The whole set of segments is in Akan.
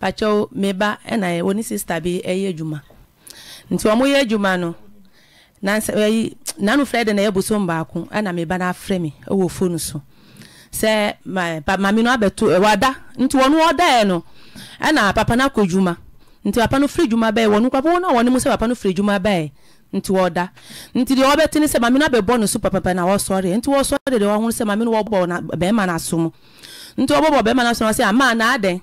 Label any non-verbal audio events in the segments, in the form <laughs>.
pakyɛw mba ɛna eh, wɔne sista bi ɛyɛ eh, adwuma nti wɔn yɛ adwuma no eh, nanu fɛ de na ɛyɛ bosom baako ɛna meba na afrɛ mi ɛwɔ fone so pa maame no abɛto nti wɔn ɔda yɛ no ɛna papa no akɔ adwuma nti papa no firi bɛyɛ wɔn papa wɔn a sɛ papa bɛyɛ nti wɔda nti deɛ wɔbɛte ne sɛ maame no abɛbɔ ne so papapa na wɔsɔre nti wɔsɔre deɛ wɔn ho sɛ maame no wɔbɔ na bɛrima na asom nti wɔbɔbɔ bɛrima na asom amaa na adɛn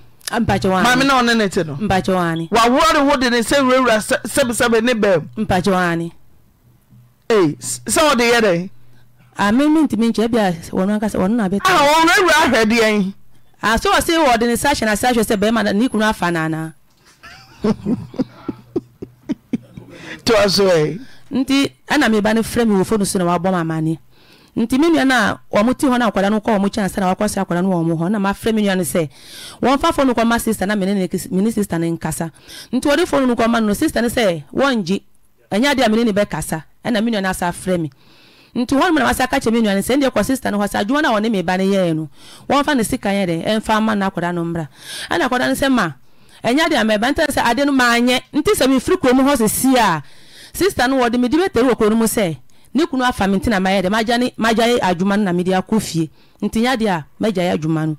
maame na ɔne ne te no waworɔre wo de ne sɛ wurawura sɛbesɛbe ne bɛm sɛ ɔde yɛ dɛn amenmentimi nkyerɛ bia wɔno ankasa wɔno na bɛt ɔwurawura ahwɛ deɛn so wɔ se wɔde ne sa hyɛ na se ahwɛ sɛ bɛrima ne kunu afa no anaa <laughs> toa so ɛ nti ɛna meba no frɛ me wofo no so na wabɔ m amaneɛ nti me nua no a wɔn ti hɔ na akwadaa no kɔ wɔn kyɛn asa na wakɔ se akwadaa no wɔ wɔn hɔ na mafrɛ me nua no sɛ wɔn fa fɔnu kɔ ma sista na mene ne ne sista ne nkasa nti wɔde fɔnu kɔ ma no sista ne sɛ wɔn gye ɛnyɛ adeɛ a mene ne bɛ kasa ɛna me nua no asa afrɛ me nti wɔn mu na wasa akakyɛ me nua no sɛ ne kɔ sista no hɔ sɛ adwuma no a wɔne me ba no yɛɛ no wɔn fa ne sika yɛ dɛ ɛnfa ma na akwadaa no mbra ɛna akwadaa no sɛ ma ɛnyɛ adeɛ a mɛba nti sɛ adeɛ no maa nyɛ nti sɛ mefiri kurom hɔ sɛ a sista no wɔde me di bɛtɛri wɔ kurom sɛ ne kunu afa na mayɛ adwuma no na mede akɔ fie ntinya a a adwuma no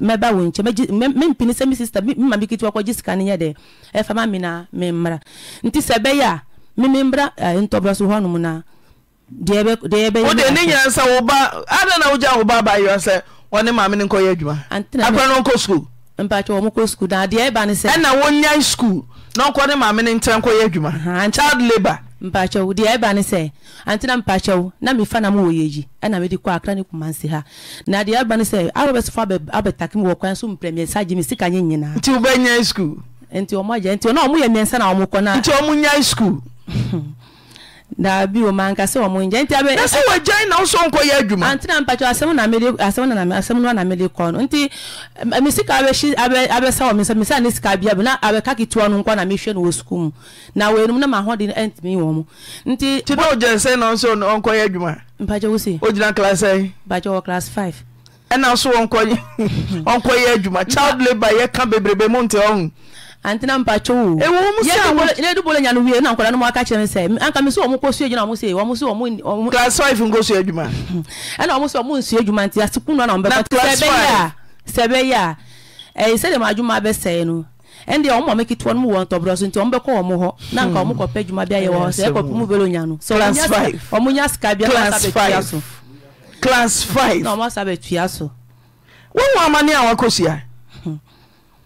mɛba wo nkyɛ mempini sɛ me sister sika no yɛ dɛ ɛfa ma me e na memmra nti sɛ ɛbɛyɛ a memembra so na deɛ ɛbɛyɛwode ne nyina sɛ woba ada na wogya wo ba sɛ maame no nkɔyɛ adwuma no nkɔ sukuu mpakyɛ sukuu na adeɛ ɛba e ne sɛ ɛna sukuu na ɔkɔ ne maame no nkɔyɛ adwuma child mpacho deɛ ɛba ne se antina mpacho na mefa na mowɔ yɛyi ɛna mede kɔ akra ne kumansi ha na deɛ se ne sɛ awobɛsofo abɛtake me wɔ kwan so premier gye me sika nye na nti wobɛnya school nti ɔmo nti ɔna ɔmo yɛ miɛnsa na ɔmo nti nya school <laughs> daabio manka sɛ ɔmo nti abɛ. ɛsɛ wɔ gyan na ɔsɔ nkɔ yɛ adwuma. antina mpatwa na na na no nti ɛmi sika abɛhyi abɛ wɔn nsa ne sika bi na abɛka ketewa no nkɔ na mehwɛ no wɔ sukuu mu na wɔn enum na ma ahoɔden ɛntumi wɔn mu nti. ti dɔw sɛ na ɔsɔ ɔnkɔ yɛ adwuma. mpatwa wosi. o gyina class ɛyi. wɔ five. ɛna so ɔnkɔ <laughs> yɛ adwuma child labour yɛ ka bebrebe mu nti antena mpacho wo ewo mu se awon ne du bolo nyanu wie na nkola no mo aka kire se anka mi so omo ko su ejuna omo se omo so omo class 5 ngo su ejuma ana <laughs> omo so omo su ejuma nti asiku no na omo be ko se be ya se be ya eh se no ɛnde a ɔmo a meki no mu wɔ ntɔbrɔ so nti ɔmo bɛkɔ ɔmo hɔ na nka ɔmo hmm. kɔpɛ adwuma bi ayɛ wɔ hɔ sɛ ɛkɔ mu bɛlɛ onya no so ɔmo nya class five na ɔmo asa bɛtua so. amani a wakɔ si a.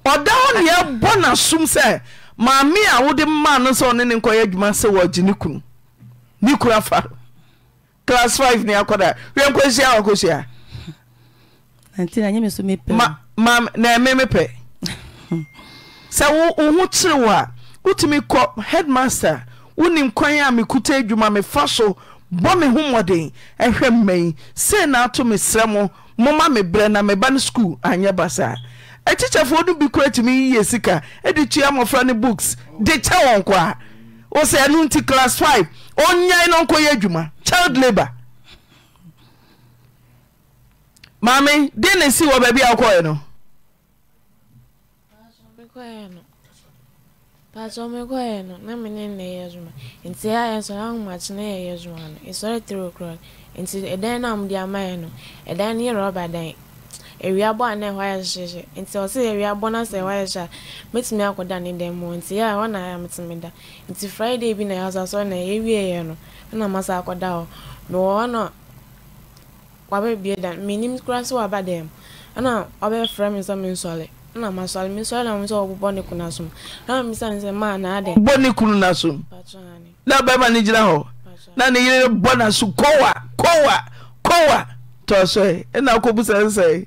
ɔda wo ebọ na sum sɛ maame a wode mma no ọ na ne nkɔyɛ adwuma sɛ wɔgye ne kunu ne kura afa class 5 na nkwa ne akɔda wɛnkɔhyia wakɔhyia na mepe. ɛme mepɛ sɛ wo ho kyere wo a wotumi kɔ headmaster wonim kwan a mekuta adwuma mefa so bɔ me ho mmɔden ɛhwɛ mmayi sei naato mesrɛ mo m meberɛ na m no na anyɛ ba saa akyikyɛfoɔ no bi kora tumi yɛ sika de tua mmɔfra no books de kyɛ wɔn kɔ a wo sɛ ɛno nti class five. ɔnyae no nkɔyɛ adwuma child labor maame den ne si wɔ baabi a wokɔɛ no paatɔ mekɔyɛ no na mene nnɛ yɛ adwuma nti ayɛ sɔre ahomakye na yɛyɛ adwuma no ɛsɔre 3 o'clock nti ɛdan no a mode amayɛ no ɛdan no yɛ rɔba dan awia bɔ a na ɛhɔ ayɛ hyehyɛ nti ɔsɛ awia bɔ na sɛ ɛhɔ ayɛ hyɛ a mɛtumi akɔda ne dɛm mu nti yɛ a ɛhɔ ayɛ mɛtumi da nti friday bi na ɛhɔ asasɔ na ɛwie yɛ no ɛna masa akɔda hɔ mɛwɔ hɔ no wabɛbie da menim koraa sɛ waba dɛm ɛna ɔbɛfrɛ me sɛ mensɔre ɛna masɔre mesɔre na mo sɛ ɔbobɔ ne kunu asom na misa ne sɛ maa na adɛ bɔ ne kunu n'asom na bɛrima ne gyina hɔ na ne yere bɔ n'aso kɔwa kɔwa kɔwa tɔɔsɔe ɛna akɔbu sɛnsɛe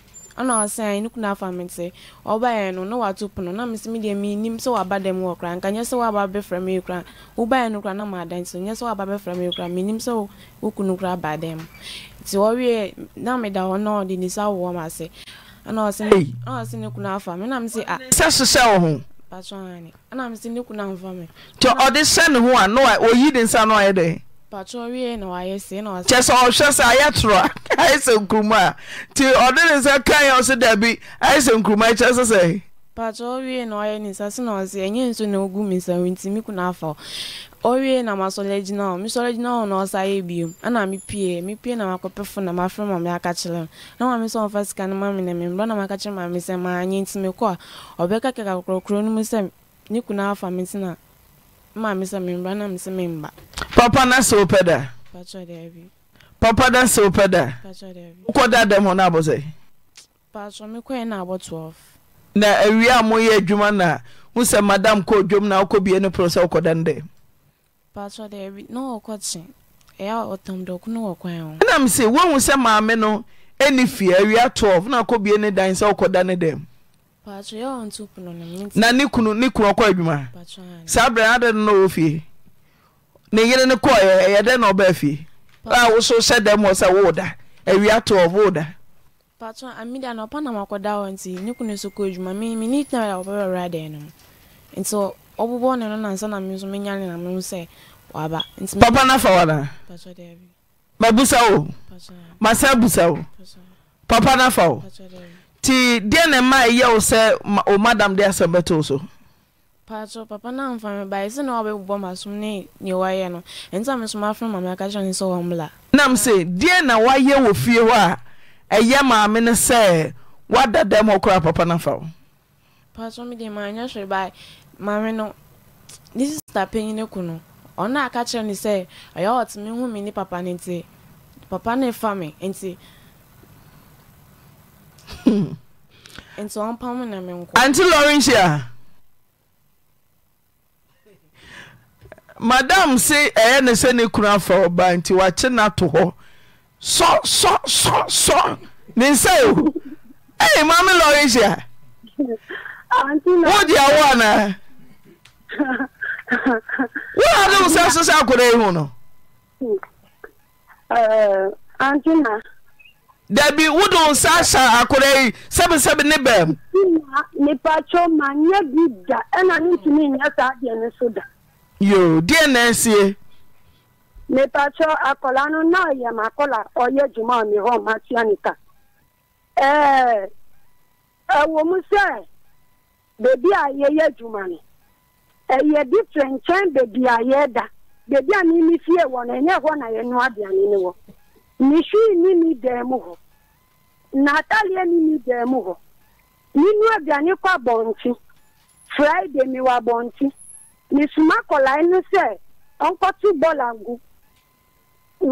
ɛna ɔsɛn ayi ne afa mi ti ɔbaeɛ no na wato pono na mesi mi deɛ mi nim sɛ waba dɛm wɔ kora nka nyɛ sɛ waba bɛfra mi kora wobaeɛ no kora na ma adan so nyɛ sɛ waba bɛfra mi kora mi nim sɛ woku kora ba dɛm nti wɔwie na mi da hɔ na ɔde ne wɔ ma ase ɛna ɔsɛn ɛna ɔsɛn ne afa mi na mi si a. sɛ sosa wɔ ho. patro ani ɛna mi si ne kuna mi. tɔ ɔde hyɛ ne ho a no a oyi ne nsa no ayɛ dɛ. kyɛ sɛ ɔhwɛ sɛ ayɛ toro a <laughs> ayɛ sɛ nkuruma a nti ɔde ne sɛ ka yɛ ɔse da ayɛ sɛ nkuruma kyɛ sɛ sɛ pawie na ɔyɛ ne nsa na ɔse ɛnyɛ nso na ɔgu me nsa nti me na masɔre gyina hɔ mesɔre gyina na ana mepie na makɔpɛ fo na mafrɛ ma me aka na sika na membrɛ na maka kyerɛ ma me sɛ maanyɛ nti mekɔ mu papa no seo pɛ da papa no sewo pɛ da wokɔda dɛm hɔ no abɔ sɛ na awie a moyɛ adwuma na hu sɛ madam kɔ dwom na wokɔbie no porɔ sɛ wokɔda ne dɛmɛnam se wohu sɛ maame no ani fie awia 12 na wokɔbie ne dan sɛ wokɔda ne dɛm na ne kunu ne kunu ɔkɔ adwuma saa berɛ adɛ no na ɔwɔ fie ne yere ne kɔɔ ɛyɛ dɛn na ɔbaa fie a wo so hyɛ dɛm wɔ sɛ wowo da awia to ɔ wowo da patro amida na ɔpa nam akɔda hɔ nti ne kunu so kɔ adwuma mene tina bɛda wɔbɛwɛwura dɛn no mu nti ɔbobɔ ne no nansa na me nso menya ne nam sɛ waba nti papa no afa wana mabusa Ma masa busa wo papa no afa wo ti deɛ na ɛma ɛyɛ wo sɛ o madam de asɛm bɛto wo so paatɔ papa na amfa me ba ɛsɛ na wɔbɛbobɔ masom ne neɛ wayɛ no ɛnti a mesom afrɛ maame aka kyerɛ ne sɛ wɔmmla nam se deɛ na wayɛ wɔ fie hɔ a ɛyɛ maame no sɛ wada dɛm hɔ papa na fa wo paatɔ mede maanyɛ hwere ba maame no ne sista panyi ne ku no ɔno aka kyerɛ ne sɛ ɔyɛ ɔteme hu me ne papa no nti papa no ɛfa me nti na anti laurentia madam se eh, ɛyɛ eh, ne sɛ ne kunu afa ɔba nti wakye sọ ato hɔ sɔsɔsɔsɔ ne nsɛo e mame laurentia wode awo anaa woadem sɛ so sɛ akɔda yi hu no daabi wudu wo nsa ahyɛ akora yi sɛbesɛbe ne bɛm mepakyɛ manyɛ bi da ɛna ne ntumi nyɛ saa deɛ no so da yo deɛ na asie mepakyɛ akɔla no na ɔyɛ makɔla ɔyɛ adwuma a mehɔ matua ne ka ɛwɔ mu sɛ beebi a yɛyɛ juma no ɛyɛ different nkyɛn beebi a yɛda beebi a mimi fie wɔ no ɛnyɛ hɔ na yɛnoa aduane ne wɔ mehwii ni mi dan mu hɔ na ataleɛ ni mi dan mu hɔ nínú aduane kɔ abɔnten friday mi wɔ abɔnten mesoma akɔlaa no sɛ ɔnkɔto bɔɔl agu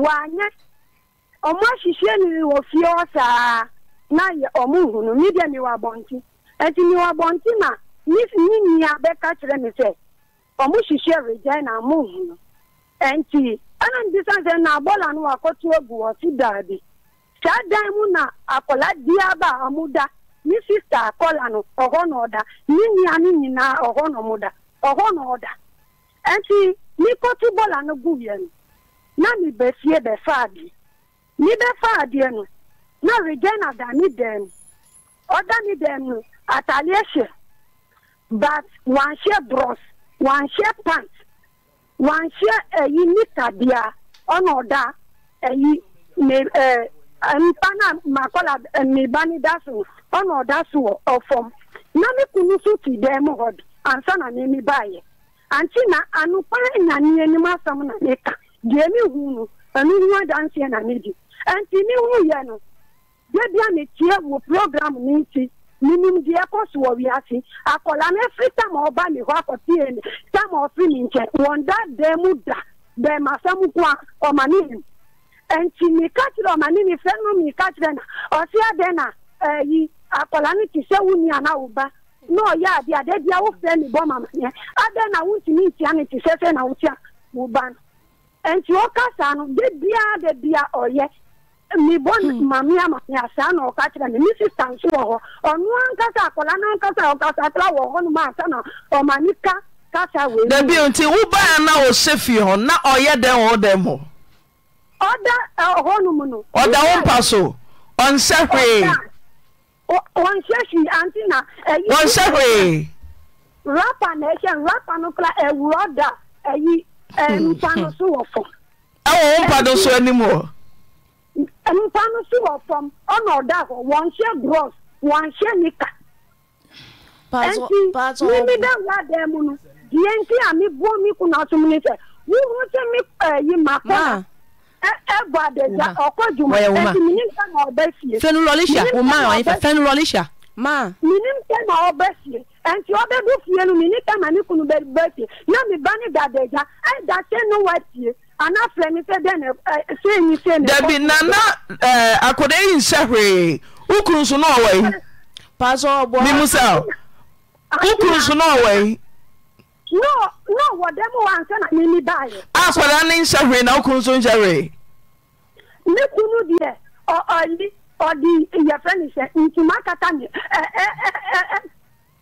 wanyɛ ɔmo ahyehyɛ niri wɔ fie hɔ saa na yɛ ɔmo hunu mi deɛ mi wɔ abɔnten ɛti mi wɔ abɔnten na mi mi nua bɛka kyerɛ mi sɛ ɔmo hyehyɛ regina mo hunu ɛnti ɛna mbisa sɛ na bɔla no wakɔto agu wɔ so saa dan mu na akɔla diaba a ɔmo da ne sista akɔla no ɔhɔ na ɔda ne nua no nyinaa ɔhɔ na ɔmo da ɔhɔ na ɔda ɛnti ne kɔto bɔla gu yɛ no na ne bɛfie bɛfa adeɛ ne bɛfa adeɛ na regina da ne dan mu ɔda ne dan mu ataleɛ hyɛ but wɔnhyɛ bros wɔnhyɛ pants wanhyɛ ɛyi nitabea ɔna ɔda ɛyi ne ɛɛ mpa na makɔla mmiba ne da so ɔna ɔda so wɔ ɔfam na ne kunu so ti dan mu hɔ bi ansa na ne mi baayɛ anti na anopa nyane anim asɛm na ne ka deɛ mi hu no ɛnu hu adanseɛ na ne di ɛnti ne hu yɛ no debia ne tie wɔ program ne nti. minim deɛ ɛkɔ so wɔ wiase akɔla no ɛfiri tam a ɔba ne hɔ akɔteɛ ne tam a ɔfiri ne nkyɛn wɔn da dan mu da bɛn masɛm ko a ɔma ne nim nti mika kyerɛ ɔma ne nifɛ no mika kyerɛ na ɔsi adɛn na ɛyi akɔla no ti sɛ wo nua na wo ba na ɔyɛ adeɛ adeɛ bi a wofɛ ne bɔ mama yɛ adɛn na wontumi ntia ne ti sɛ na wotia wo ba no nti ɔkasa no de bia de bia ɔyɛ mibɔ hmm. mamiya mamiya sa na ɔka kyerɛ me ne sista nso wɔ hɔ ɔno ankasa akɔla no ankasa ɔkasa tra wɔ hɔ nom ansa na ɔma ne ka kasa wei dabi nti wobaa na ɔhyɛ fie hɔ na ɔyɛ dɛn wɔ dɛm hɔ ɔda hɔ eh, nom no ɔda wo mpa so ɔnhyɛ hwee ɔnhyɛ hwee anti na ɔnhyɛ eh, hwee rapa na ɛhyɛ eh, rapa no kora ɛwurɔ da ayi hmm. mpa no so wɔ fam ɛwɔ wo mpa no so anim hɔ mpa no si wɔ fam ɔna ɔda hɔ wɔnhyɛ bros wɔnhyɛ nika nti mimi bɛ wura dan mu no deɛ nti a mi bu omi kun na sum sɛ wuhu sɛ mi ɛyi ma kɔ ah. ɛbɔ adagya ɔkɔ juma ɛti mi ni na ɔbɛ fie fɛnu lɔli sa o ma ɔyin fɛ fɛnu lɔli sa ma mi ni na ɔbɛ fie ɛnti ɔbɛ du fie nu mi ni nka mi kunu bɛ fie na mi ba ni dadagya ɛda sɛ nu wa fie anafilẹ ni sẹ dẹ ẹ ṣé yín ṣe ni. dẹbi nana ẹ akọdẹ yìí ń ṣàhwèé ukuru nso náà wọ yìí. pàṣẹ ọbọ mímú sá ukuru nso náà wọ yìí. no no wọ dẹmu wa nsẹ na mi ni báyìí. akọdẹ ni ń ṣàhwèé na ukuru nso ń ṣàhwèé. ní kunu diẹ ọ ọ yí ọ di ìyẹfẹ ntoma kata ni ẹ ẹ ẹ ẹ.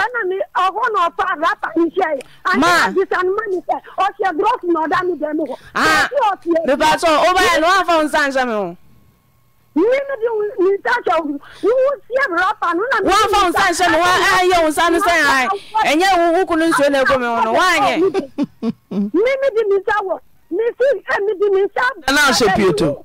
ɛna mi ɔhɔ na ɔfa rapa ni hyɛ yɛ maa bisanuma ni sɛ ɔhyɛ drɔs na ɔda mi dɛm hɔ ɔsi ɔsi yɛ bipasɔ ɔbɛyɛ ni wɔn afɔ nsa nhyɛ mi o. mímu di ní ntaṣọ wúwú sí rapa nínú àmì. wọn afọ nsa nhyɛ mi wọn ayé nsa ni sɛ ayi ɛnyɛ wúkú ni nsuo na egu wọn wọn anyɛ. mímu di mi nsa wɔ mi si ɛmi di mi nsa. ɛnna aṣọ pieto.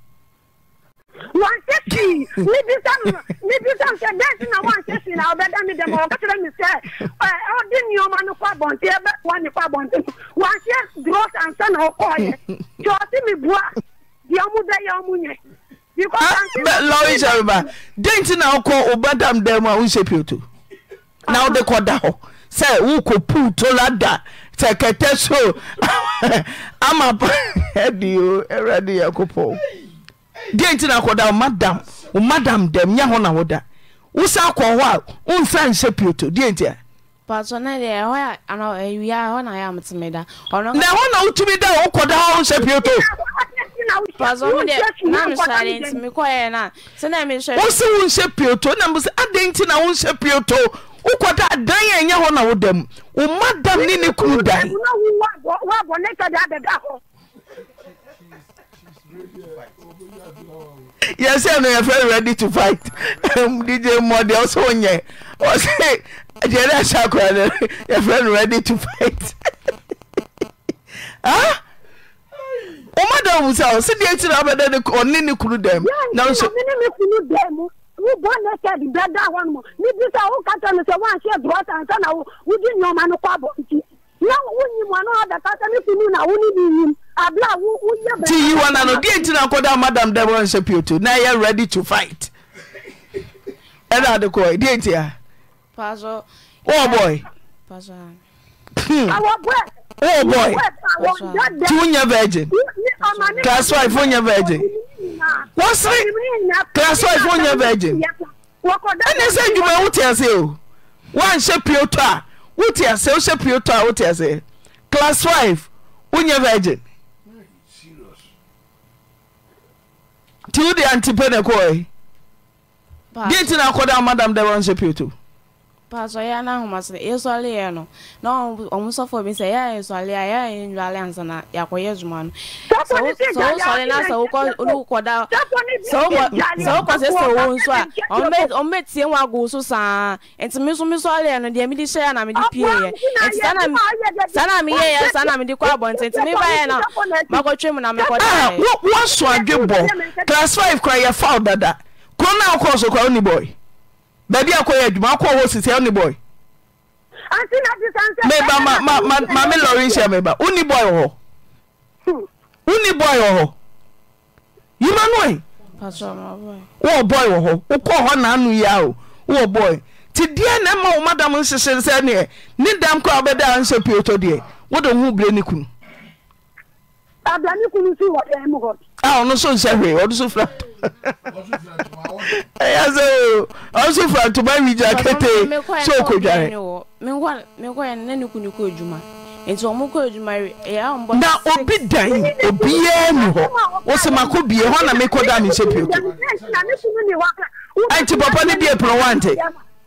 wọn <laughs> ṣe fi níbi sẹ́mu níbi sẹ́mu ṣe bẹ́ẹ̀ sí náà wọn ṣe fi náà ọbẹ̀ dẹ́mi dẹ́mu ọ̀gá tẹ̀lé mi sẹ́ ẹ ọdí ni ọmọ nípa bọ̀ǹtì ẹ bẹ́ẹ̀ wọ́n nípa bọ̀ǹtì wọn ṣe dúró sàǹsẹ̀ náà ọkọ yẹ <laughs> jọ́sí mi bu a di ọmú bẹ́ẹ̀ yẹ ọmú yẹn. lọ́rí sẹ́rùbà déǹtì náà ọkọ ọba dàm dẹ́mu àwọn ṣe pìòtò náà ọdẹ kọ da họ sẹ wù kò pù tó ládà tẹkẹtẹ so ama ẹni o ẹrẹ ni yẹ kó pọ̀. di nti na akɔda womadam womadam dɛm nyɛ na woda wosa akɔ hɔ a womfa nhyɛ pioto deɛ nti a na ɛhɔ na da a wokɔda pioto pioto na mbsɛ adɛn nti na wonhyɛ pioto wokɔda adan a ɛnyɛ hɔ na woda mu womadam ne ne dan yẹsẹ ẹnu yẹn fẹ ready to fight dj mọdẹ ọsọ yẹn ọsẹ jẹrẹ asakura dẹ yẹn fẹ ready to fight ọmọ dẹ ọhún sá ọsẹ díẹ tí náà bẹdẹ ọní ni kunu dẹm. yóò yẹ ọmọ ní kunu dẹm wo bọ ne kẹ di bẹẹ da wọn mọ níbi sẹ o kàtà mi sẹ wọn àṣẹ dùrọ sàn sẹ na wo wọ́n di ní ọmọ ní kọ́ àbọ̀ nti nti yiwana no deɛ nti na kɔda madam dm wanhyɛ pioto na ɛyɛready to figt ɛade k tia bɔbɔi woya vrginca woy gin wsee class wonya virginɛne sɛ dwuma wo tease o woanhyɛ piota wote ase wohyɛ piotɔ a wote ase class 5 wonyɛ virgin nti wode antipe ne kɔe deɛ nti na akɔda madam dɛ wɔnhyɛ paasɔ ya na ahoma sɛ yɛsɔre yɛ no na ɔmusɔfo bi sɛ yɛa yɛsɔre a yɛa yɛ nnwale ansa na yɛakɔyɛ adwuma no sɛ wosɔre na sɛ wokɔda sɛ wokɔ sɛ sɛ wo nso a ɔmbɛtie wo ago so saa nti me so mesɔreɛ no deɛ mede hyɛɛ na mede pieɛ nti saa na meyɛyɛ saa na mede kɔ abɔnten nti mebaɛ na makɔtwe mu na mekɔda ah, woaso adwe bɔ class 5 kora yɛfaw dada kuro no a wokɔɔ so kora wo ni bɔe baabi akɔyɛ adwuma akɔ hɔ sisi ɛne boy meba ma me lɔre nhyɛ meba woni boy wɔ hɔ woni boy wɔ hɔ yima no ɛ wowɔ boy wɔ hɔ wokɔ hɔ naano yia o wowɔ boy nti deɛ na ɛma wo madam nhyehye sɛ neɛ ne dam kora wobɛdaa nhyɛ piotɔ deɛ wode wo ho bere ne kunu eh, a ɔno nso nhyɛ hwee ɔno nso fura ɛyà sɛ o ɔno nso fura ntoma awigya ketee sɛ okɔdware nti wɔn na obi dan obiara ni hɔ wosamako bie hɔ na mekɔ da ne nhyɛ pio ɛnti papa ne bie pono wante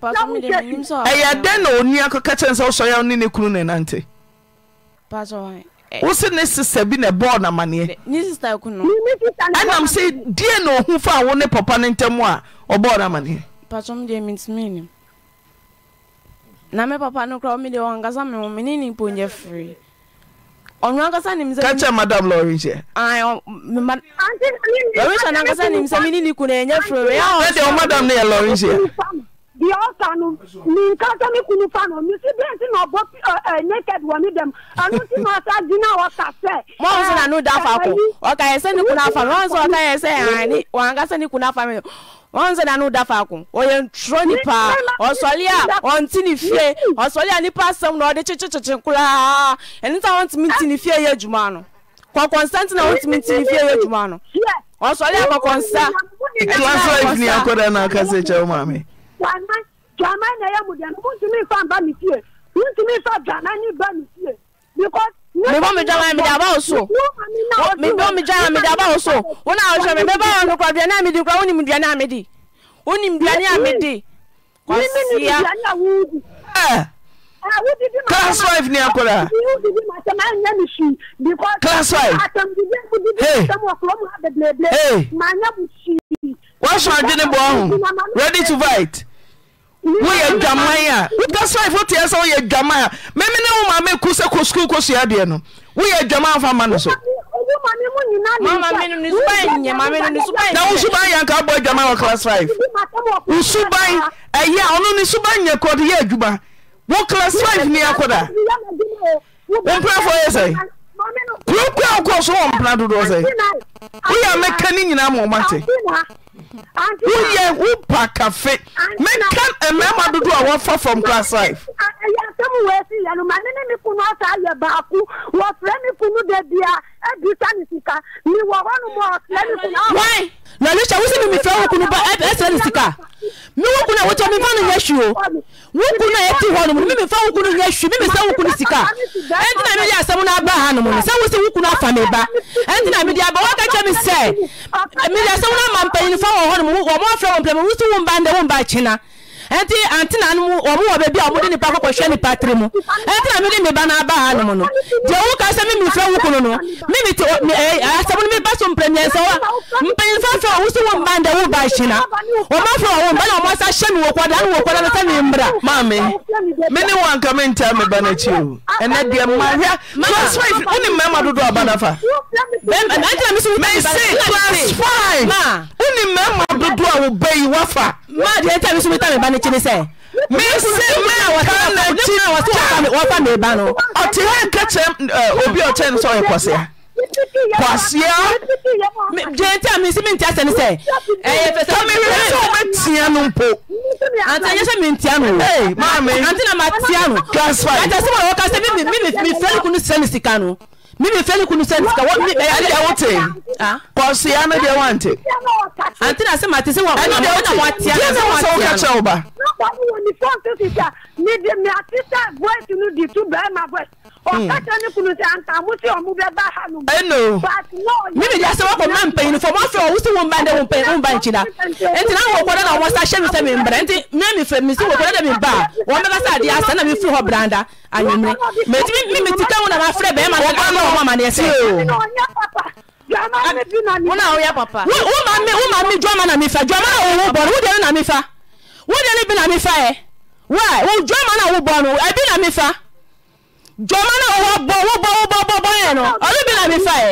ɛyɛ dɛn na onua kɔkɛ kyɛn wosɔre a ne ne kunu ne nante. wo ne sesa bi ne bɔɔ namanneɛɛnam sɛ deɛ na ohu fa a wo ne pɔpa no ntam a ɔbɔɔ namanneɛ na me papa no kora medeɛ ɔankasa me ho mene nipo nyɛ firi ɔno ankasa madam ankasa firi ɔmadam yɛ deɛ ɔfa no menkasa me kunu fa no mesi berɛ nti na ɔbɔ naked wɔ ne dɛm ɛno nti na ɔsa di na ɔka sɛ mɔho so na no da fa ko ɔkayɛ sɛ ne kunu afa me ɔn sɛ ɔkayɛ sɛ ane wankasa ne kunu afa me wọn sẹ nanu dafa kun oye nturo nipa ọsọli a ọnti ni fie ọsọli a nipa sẹmu na ọdi kyekyekyekye koraa ẹni tí a wọn ti mi ti ni fie yẹ juma no kọkọnsanti na wọn ti mi ti ni fie yẹ juma no ọsọli a kọkọnsa. ẹ ti wá sọ ìfìyà kọ́dà náà kásẹ̀ kyẹ́wọ́ maame wàmà jàmà ẹ̀ yẹ mu diẹ mu ntumi nfa mba mi fie ntumi nfa jàmà ni ba mi fie because. mi bɔ mi jama mi daba o so mi bɔ mi jama mi daba o so wọn náà ọsọ mi bẹ bá wọn kọkọ aduane àmì di kura wọn ni mu duane àmì di wọn ni mu duane àmì di kò sí ya. class five ni akora. class five. hey hey woahyɛ adwene boɔ ho ready to fight woyɛ dwaman a wotas fifo teɛ sɛ woyɛ dwaman a meme ne woma meku sɛ kɔ sukuu kɔsua adeɛ no woyɛ dwaman fa ma no so na wo suban yɛ anka wobɔ adwaman wɔ class 5 wo suban ɛyɛ a ɔno ne suban nyɛ kɔde yɛ adwuma wo class 5 ne akɔda wo mprafoɔ yɛ sɛe kurokura wokɔɔ so wɔ mpena dodoɔ sɛ woyɛ mɛka ne nyinaa ma ɔmate woyɛ wo pa kafe meka mmarima dodo a wɔfa from class five. ɛyàtɛmu wɔ esi yɛn no ma ne ne mi kunu ɔsa yɛ baako wɔfrɛ mi kunu de bia ebi eh, sa ne sika mi wɔ hɔ nom wo kunu ba ɛsɛ ne sika mi kunu a wotɔ mi fa ne yɛ o wo kunu a yɛ hɔ nom mi mi wo kunu yɛ su mi wo kunu sika ɛntina eh, mi di asɛm na aba ha nom sɛ wusi wo kunu afa mi ba ɛntina eh, mi aba wɔkɛ kyɛ mi sɛ mi asɛm na ma mpanyinfo wɔ frabad bacina ɛnti antina no mu wɔn wɔ baabi a wɔn de nipa kɔkɔ hwɛ nipa tiri mu ɛntina mi de mi ba n'aba ha nom no deɛ wɔn ka mi mi fɛ wukunu no mi mi ti ɛɛ asɛm no mi ba so mpanyinsa wa mpanyinsa fɛ wɔn so wɔn ban de wɔn ba ahyina wɔn afɔ wɔn ban na wɔn asa hyɛ mi wɔ kɔda no wɔ kɔda no sɛ mi mbra. maame mi ni wɔn nka mi ntaa mi ba n'akyi o ɛnɛ deɛ mmaa hwɛ class five wɔn ni mmarima dodo aba nafa. mɛnsi class five wɔn ni mmarima dodo a bɛyi wafa. maa di ɛnta mi so mi ba ne kyene sɛ mesemewafa ne ba no ɔte ha ka kyerɛ obi ɔkyɛ no sɛ ɔyɛ kɔsea kɔsea gyenti a mensi mentia sɛ ne sɛ ɛyɛfɛsɛmehwɛ sɛ wobɛtia no mpo antanyɛ sɛ mentia no ante na matia no ɛtɛ sɛ ma wɔka sɛ mefrɛ no ku no srɛ no sika no mibefelikun senadewote koseane dwantewketeoba ọkọ mi wọ ní fóònù tó ti sà ní di mi àti sẹ voice nu di tu bẹẹ ma voice ọkẹtẹ ní kunu sẹ àǹtàmú sí ọmú bẹẹ bá hà nù. ẹnu mímì jẹ́ sẹ́wọ́n kò máa ń pẹ̀yìn fún ọmọ fẹ́ ọ̀hún sí wọn bá ń dẹ́ wọn pẹ̀yìn wọn bá ń kyi la ẹ̀ntì náà wọ́n kọ́dọ̀ náà wọ́n sá ṣẹ́ mi sẹ́ mi ń bẹ̀rẹ̀ ẹ̀ntì mímì fẹ́ mi sí wọ́n kọ́dọ̀ mi bá wọn bẹ́ẹ̀ bá sá adìyẹ asẹ́ náà mi fi họ branda anyimire mẹ̀tí mímì ti kẹ́wọn náà máa fẹ́ bẹ́ẹ̀ máa ń kọ́ wọn náà ó yẹ papa. wọn maa mi wọn maa mi jọ́ ma na mi fa jọ́ ma na òun bọ̀ wọ́n jẹ́ na mi fa wode ne bi na mefa ɛ why wo dwama na wobɔ no ɛbi na mefa dwama na wobɔ wobɔ wobɔ bɔbɔ yɛ no ɔno bi na mefa ɛ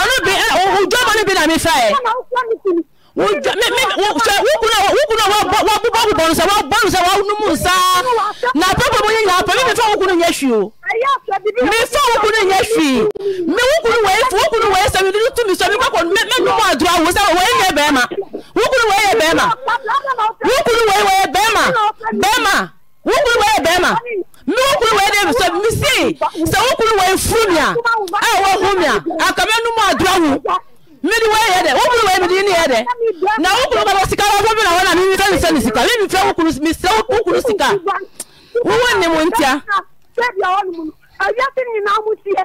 ɔno bi ɛ wo dwama no bi na mefa ɛ wujɔ mɛ mɛ sɛ wukuna wukuna wa bɔ wa bɔ bɔ bɔnusɛ wa bɔnusɛ wa numu nsa na pɛpɛ mo ye ɲa pɛ mi mi fɔ wukunu ɲɛ fi o mi fɔ wukunu ɲɛ fi mi wukunu wɛ fi wukunu wɛ sɛbi duuru tu mi sɔ mi kɔ kɔni mɛ mɛ numu adura wo sɛ wɛ yɛ bɛɛ ma wukunu wɛ yɛ bɛɛ ma wukunu wɛ yɛ bɛɛ ma bɛɛ ma wukunu wɛ yɛ bɛɛ ma mi wukunu wɛ de sɛ mi se sɛ wukunu wɛ furu mi a ɛ wɔ hu mi a a kama numu adura wo mini wei yɛ dɛ wo bulu wei mini ni yɛ dɛ na wo bulu bɛbɔ sika wo bulu na wo na mi fɛn mi sɛ mi sika mi mi fɛn wo kuru mi sɛ wo kuru sika wo wo ni mo ntia. sɛbi awɔ numu ɛyɛ ti ni na mu tiɛ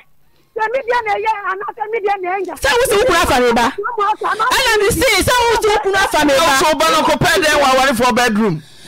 sɛmi diɛ na ɛyɛ ana sɛmi diɛ na ɛnya. sɛ wusu wukunu afa mi ba ɛna mi si sɛ wusu wukunu afa mi ba. ɔsɔ balɔnkɔ pɛ dɛ wa wari fɔ bedroom.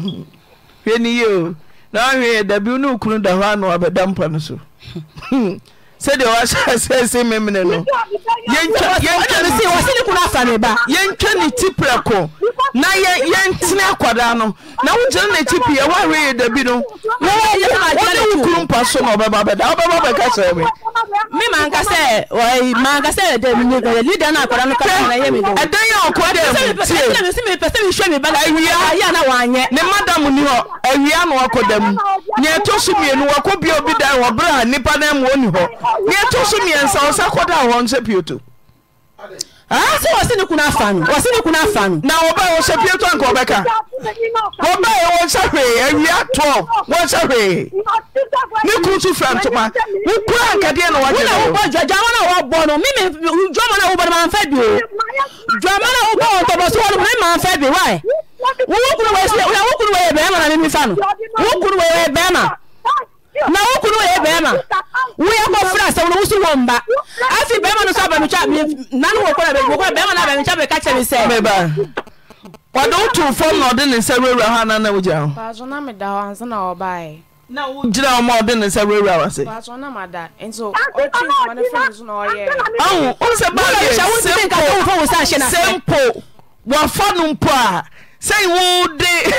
hwɛ ni yie o na ɔhwɛ yɛ dabi ne okunu da hɔ ano abɛda mpa no so <laughs> sɛdeɛ wahyɛ sɛ se memene no yɛntwa ne ti prɛko na yɛntene akwadaa no na wogyina ne ti pi ɛwɔ ahwee da bi no wode wo kuru mpa so na ɔbɛba bɛda wobɛba bɛka kyerɛ me me manka sɛ manka sɛ leader no akwadaa no kaɛyɛ me ɛdan a ɔkɔ dɛmtiewia ne madam ni hɔ awia na wakɔ da mu nea ɛtɔ so mmienu wakɔ bia obi dan wɔ berɛ a nnipa no mu ɔni hɔ deɛ ɛto so mmiɛnsa wo sa kɔda a hɔ nsɛ pioto sɛ wɔse ne kuna afa no wɔse ne kuna afa no na wɔbɛ wɔhyɛ pioto anka wɔbɛka wɔbɛɛ wɔnhyɛ hwee awia 12 wɔnhyɛ hwee ne kuru so fira ntoma wokura ankadeɛ na wɔgyewona wobɔ dwama no a wɔbɔ no meme dwama no a wobɔ no mamfa bi o dwama no a wobɔ wɔ ntɔbɔ so wɔ no me mamfa bi wae wowokunu wɔyɛ bɛrima na memefa no wokunu wɔyɛ bɛrima na wo kunu yɛ bɛrima woyɛ kɔ fura sɛ wɔn wusu wɔn ba afi bɛrima no so abamikya nanu wɔ kɔ na bɛrima wɔ bɛrima na abamikya bɛ kakyɛ mi sɛ. mɛba wɔde wo tu fam na ɔde ne nsa wurawura hɔ anan na wogyina hɔ. baaso na mi da hɔ ansa na ɔbaeɛ. na wo gyina hɔ ma ɔde ne nsa se. baaso na ma da nso ɔtwi nsoma ne fɛn so na ɔyɛ. ɔn o sɛ baagi simple simple mpo a sɛ wo de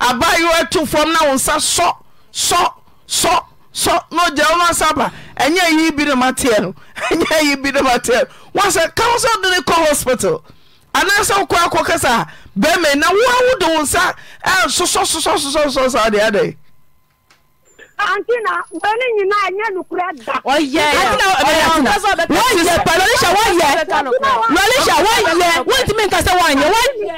abayewa tu fam na wo nsa sɔ sɔ sọ sọ na ɔgya wo no asaba ɛnyɛ yi bi no mateɛ no ɛnyɛ yi bi no mateɛ no wasɛ ka wo sɛ de ne kɔ hospital anaasɛ wokɔ akɔ kasa a bɛrima na woa wode wo nsa sosɔsosɔsosɔsɔ saa deɛ adɛn Anti na wẹ́ni nyina ẹ̀yẹ́ nukura da. Ọ̀yẹ́ wọ́yẹ pẹ̀lọ́lísà wọ́yẹ lọ́lísà wọ́yẹ wọ́n ti mi nka sẹ́ wọ́n yẹ wọ́yẹ.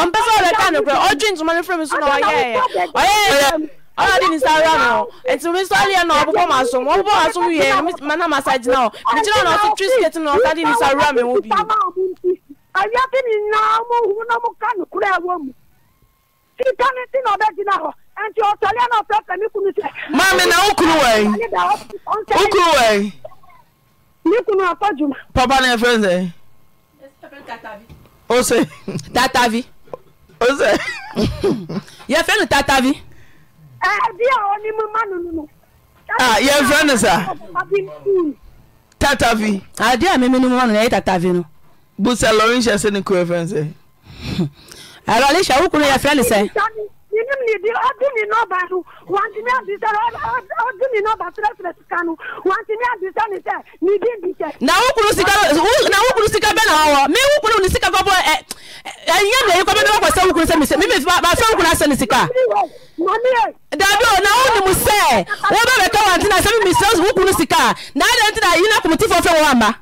Ọ̀npẹ́sẹ̀ ọ̀rẹ́ ká nìkúrẹ́ ọdún ìtumọ̀ ní fúnmi sún náà ọ̀yẹ́ yẹ ọ̀yẹ́ yẹ ɔlɔdi ni sáré ɔnà ɛtì mi sɔli ɛnà ɔbúbɔ ma sùn wọn búbɔ ma sùn yẹ mana ma sa gyina ɔ mi gyina ɔnà ɔtí tí siketi nà ɔsáré ni sáré ɔmɛ wò bi. ɛyà bí mi nyinaa mo hu na mo ká ní kúrẹ́ ẹ̀wọ̀ mu títà ni tí na ɔbɛ gyina hɔ ɛnti ɔsɔli ɛnà ɔfɛ kàmi kunu sɛ. maami na okunu wɛ okunu wɛ. ne kunu akɔ juma. papa ni efe nse. ose. tatavi. ose. yɛ fɛn ni tatavi ɛbi a ɔne mu ma no no no. Ah, a yɛmfrɛ no sa tatavi adeɛ a meme no mu ma no ɛyɛ tatavi no busa lɔrenhyɛ sɛ ne kura fɛn sɛ awurade hyɛ wo kunu yɛfrɛ ne sɛ minim ni di ɔdi mi nɔba no wanti mi adi sɛ ɔdi mi nɔba srɛsrɛ sika no wanti mi adi sɛ ni sɛ ni di di sɛ. na wukuru eh, eh, eh, e. sika na wukuru sika bɛ na wɔwɔ mi wukuru ni sika bɔbɔ ɛ ɛ n yɛ mi yi kɔ mi bɛ kɔ sɛ wukuru sɛ mi sɛ mi mi ba fɛn wukuru asɛ ni sika. dabi o na o ni mu sɛ o bɛ bɛ kɛ wanti na sɛ mi mi sɛ wukuru sika na yɛ de ti na yi na kumuti fɔ fɛn wɔ wa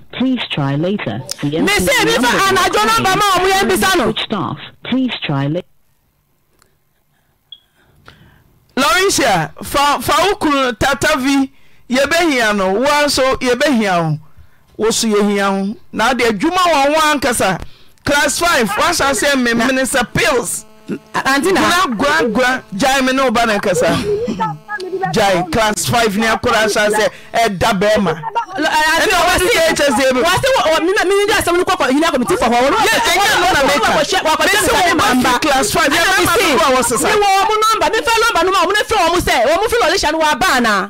Please try later. Mese ebi fa anajo nọmba ma ọmụ ya mbisa nọ. Staff, please try later. Lọrịsịa, fa fa ukwu tata vi yebehia no, wa nso yebehia o, wosu yehia o, na adị edwuma wọn nwa nkasa, class five, wasa sị mmemme nsa pills. Antina. Gwa gwa gwa, gyaa emi na ụba na nkasa. Jai class five ne akora ahyɛ sɛ ɛda bɛrima ɛna wɔde nhs ebi. wase wɔ mi na mi ni asɛm no kɔkɔ hinɛ kɔmiti fɔ hɔ wɔn. yɛ ɛnyɛ no na meka mesi wɔn ma fi class five yɛ mɛma mi kura wɔ sisan. mi wɔ wɔn nɔmba mi fɛ nɔmba no ma wɔn fɛ wɔn sɛ wɔn fi lɔɔre hyɛ no wɔ abaa naa.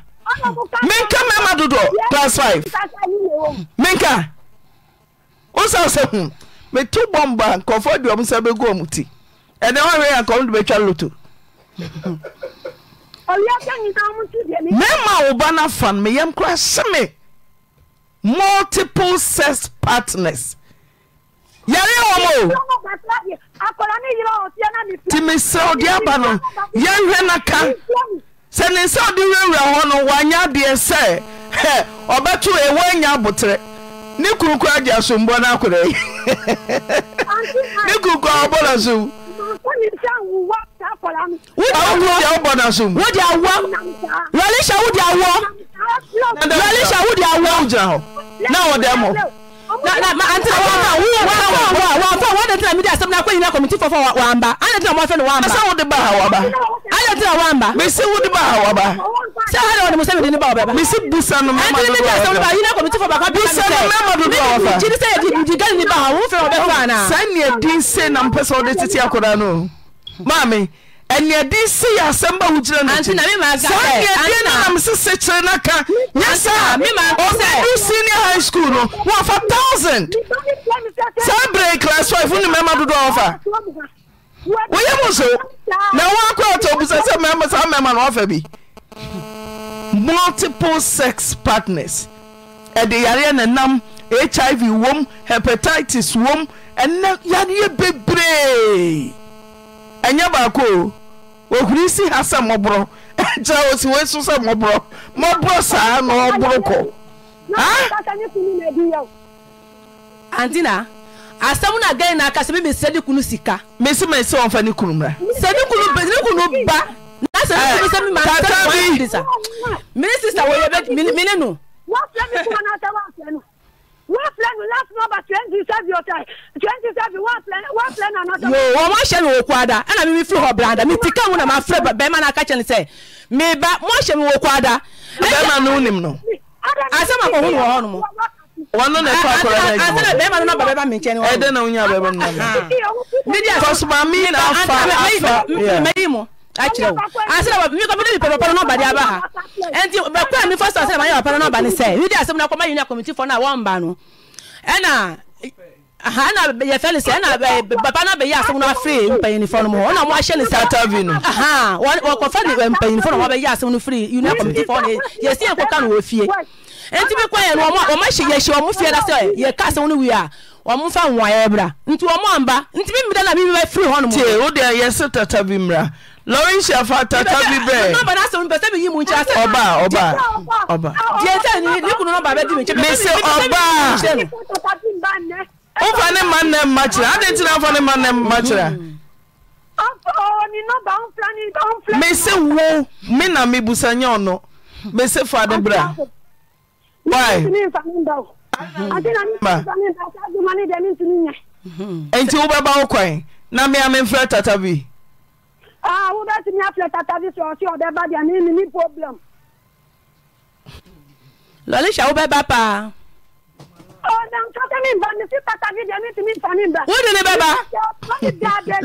menka mɛma Dodo, plus 5 menka wosaw sɛ hu meto bɔmba nkɔfoɔ aduɔm sɛ bɛgu ɔ mu ti ɛnɛ wɔhwɛ yɛ nkɔm de bɛtwa loto mɛma wo ba no afa no meyɛm kora hye me multiple sex partners yàrá wọn mọ o tìmísẹ́ ọ̀dí àbá náà yẹn hwẹ́ náà ká. sɛ ne nsa ɔde werɛwurɛ hɔ no wanyɛ adeɛ sɛ ɔbɛto ɛwɔ anya aboterɛ ne kurukura agye asombɔ no akora yi ne kurukura ɔbɔ no asom wode ɔbɔ no asom wode awɔ lɔlehyɛ wode awɔ lɔlehyɛ wode awɔ wogyina hɔ na wɔdɛ na na ma ante wa ma wo wa wa wa wa fa wa de na kwa nyina committee fofo wa amba ana tena mo fe no wa amba asa wo de ba ha wa se wo de ba ha wa ba se ha de wo mo se me de committee fofo ba ka busa no ma se di di ni ba ha wo na san ne din se na mpesa wo de tete akoda no maami ɛnea den sɛ yɛ asɛm ba wogyira nosaa neaɛn namsesekyere no ka nyasa d senior high schol no woafa tousand saa brɛ class 5 fo ne mama dodɔwɔfa woya mu so na woakoatɔ busa sɛ saa mɛma no wafa bi multiple sex partners ɛde yareɛ ne nam hiv wom hypatitis wom ɛn yareɛ bebree ohuri si ha sɛ mɔborɔ ɛkyerɛ osi wei so sɛ mɔborɔ mɔborɔ saa na ɔboro kɔ antina asɛm na gɛn na aka sɛ mi mesrɛ ne kunu sika mesi ma ɛsɛ ɔmfa ne kunu mmra sɛ ne kunu ne kunu ba na sɛ ne kunu sɛ mi ma sɛ mo ayɛ disa mene sista wɔyɛ bɛ mene no one plan will last more but twenty seven your time twenty serve one plan one plan another. yoo wɔn mo ahyɛ mi wɔ kuada ɛna mi mi firi hɔ branda mi ti ka mu na ma fɛ bɛrima na aka kyɛn ni sɛ mi ba mo ahyɛ mi wɔ kuada. bɛrima no nim no. asɛm akɔho wɔ hɔ nom. wɔn na ɛkɔ akɔrɔ na ɛdi mu. asɛm bɛrima no na ba bɛrima mi nkyɛn ni wɔn. ɛdɛ na onyaa bɛrima no na. mi di asɛm kɔsumaami na afa afa. mɛyi mu akyerɛ wo asɛ mekɔmede mepɛ papa no nɔbade aba ha ɛnti bɛkɔ a mefa sɛ sɛ mayɛ papa no nɔba ne sɛ wede asɛm no kɔma union committeefoɔ no a wɔmba no ɛna aha na yɛfɛ ne sɛ ɛna papa no bɛyɛ asɛm no afiri mpanyinifoɔ no mu hɔ ɔna moahyɛ ne sɛ tv no aha wɔkɔfa ne mpanyinifoɔ no wɔbɛyɛ asɛm no firi union committeefoɔ no yɛsi yɛnkɔka no wɔ fie ɛnti mekɔ yɛ no ɔmahyɛ yɛhyɛ ɔmo fie na sɛ yɛka asɛm no wie a wɔn fa nwaeɛ bra nti wɔn amba nti mi mi da na mi mi bɛ firi hɔ nom. tie o de yɛ sɛ tata bi mra lawrence fata tabi bẹẹ. nọmba náà sọ̀rọ̀ pẹ̀sẹ̀ mi ọba ọba ọba. diẹ sẹ ni ni kunu nọmba bẹ ọba. o fa ne ma nẹ ma kyerɛ adi ti na fa ne ma nẹ ma kyerɛ. mi se wo mi na mi busa nye ɔno mi fa ne bra. why. nti wo bɛ ba wo na mi a mi n tata bi. ah wobɛtumi afrɛ tatabi sɛ ɔse ɔbɛba deɛ memeni problem lɔlehyɛ wobɛba paa ɔdankasɛ memba mesi tatabi deɛ metumi mfa ne mba wode ne bɛba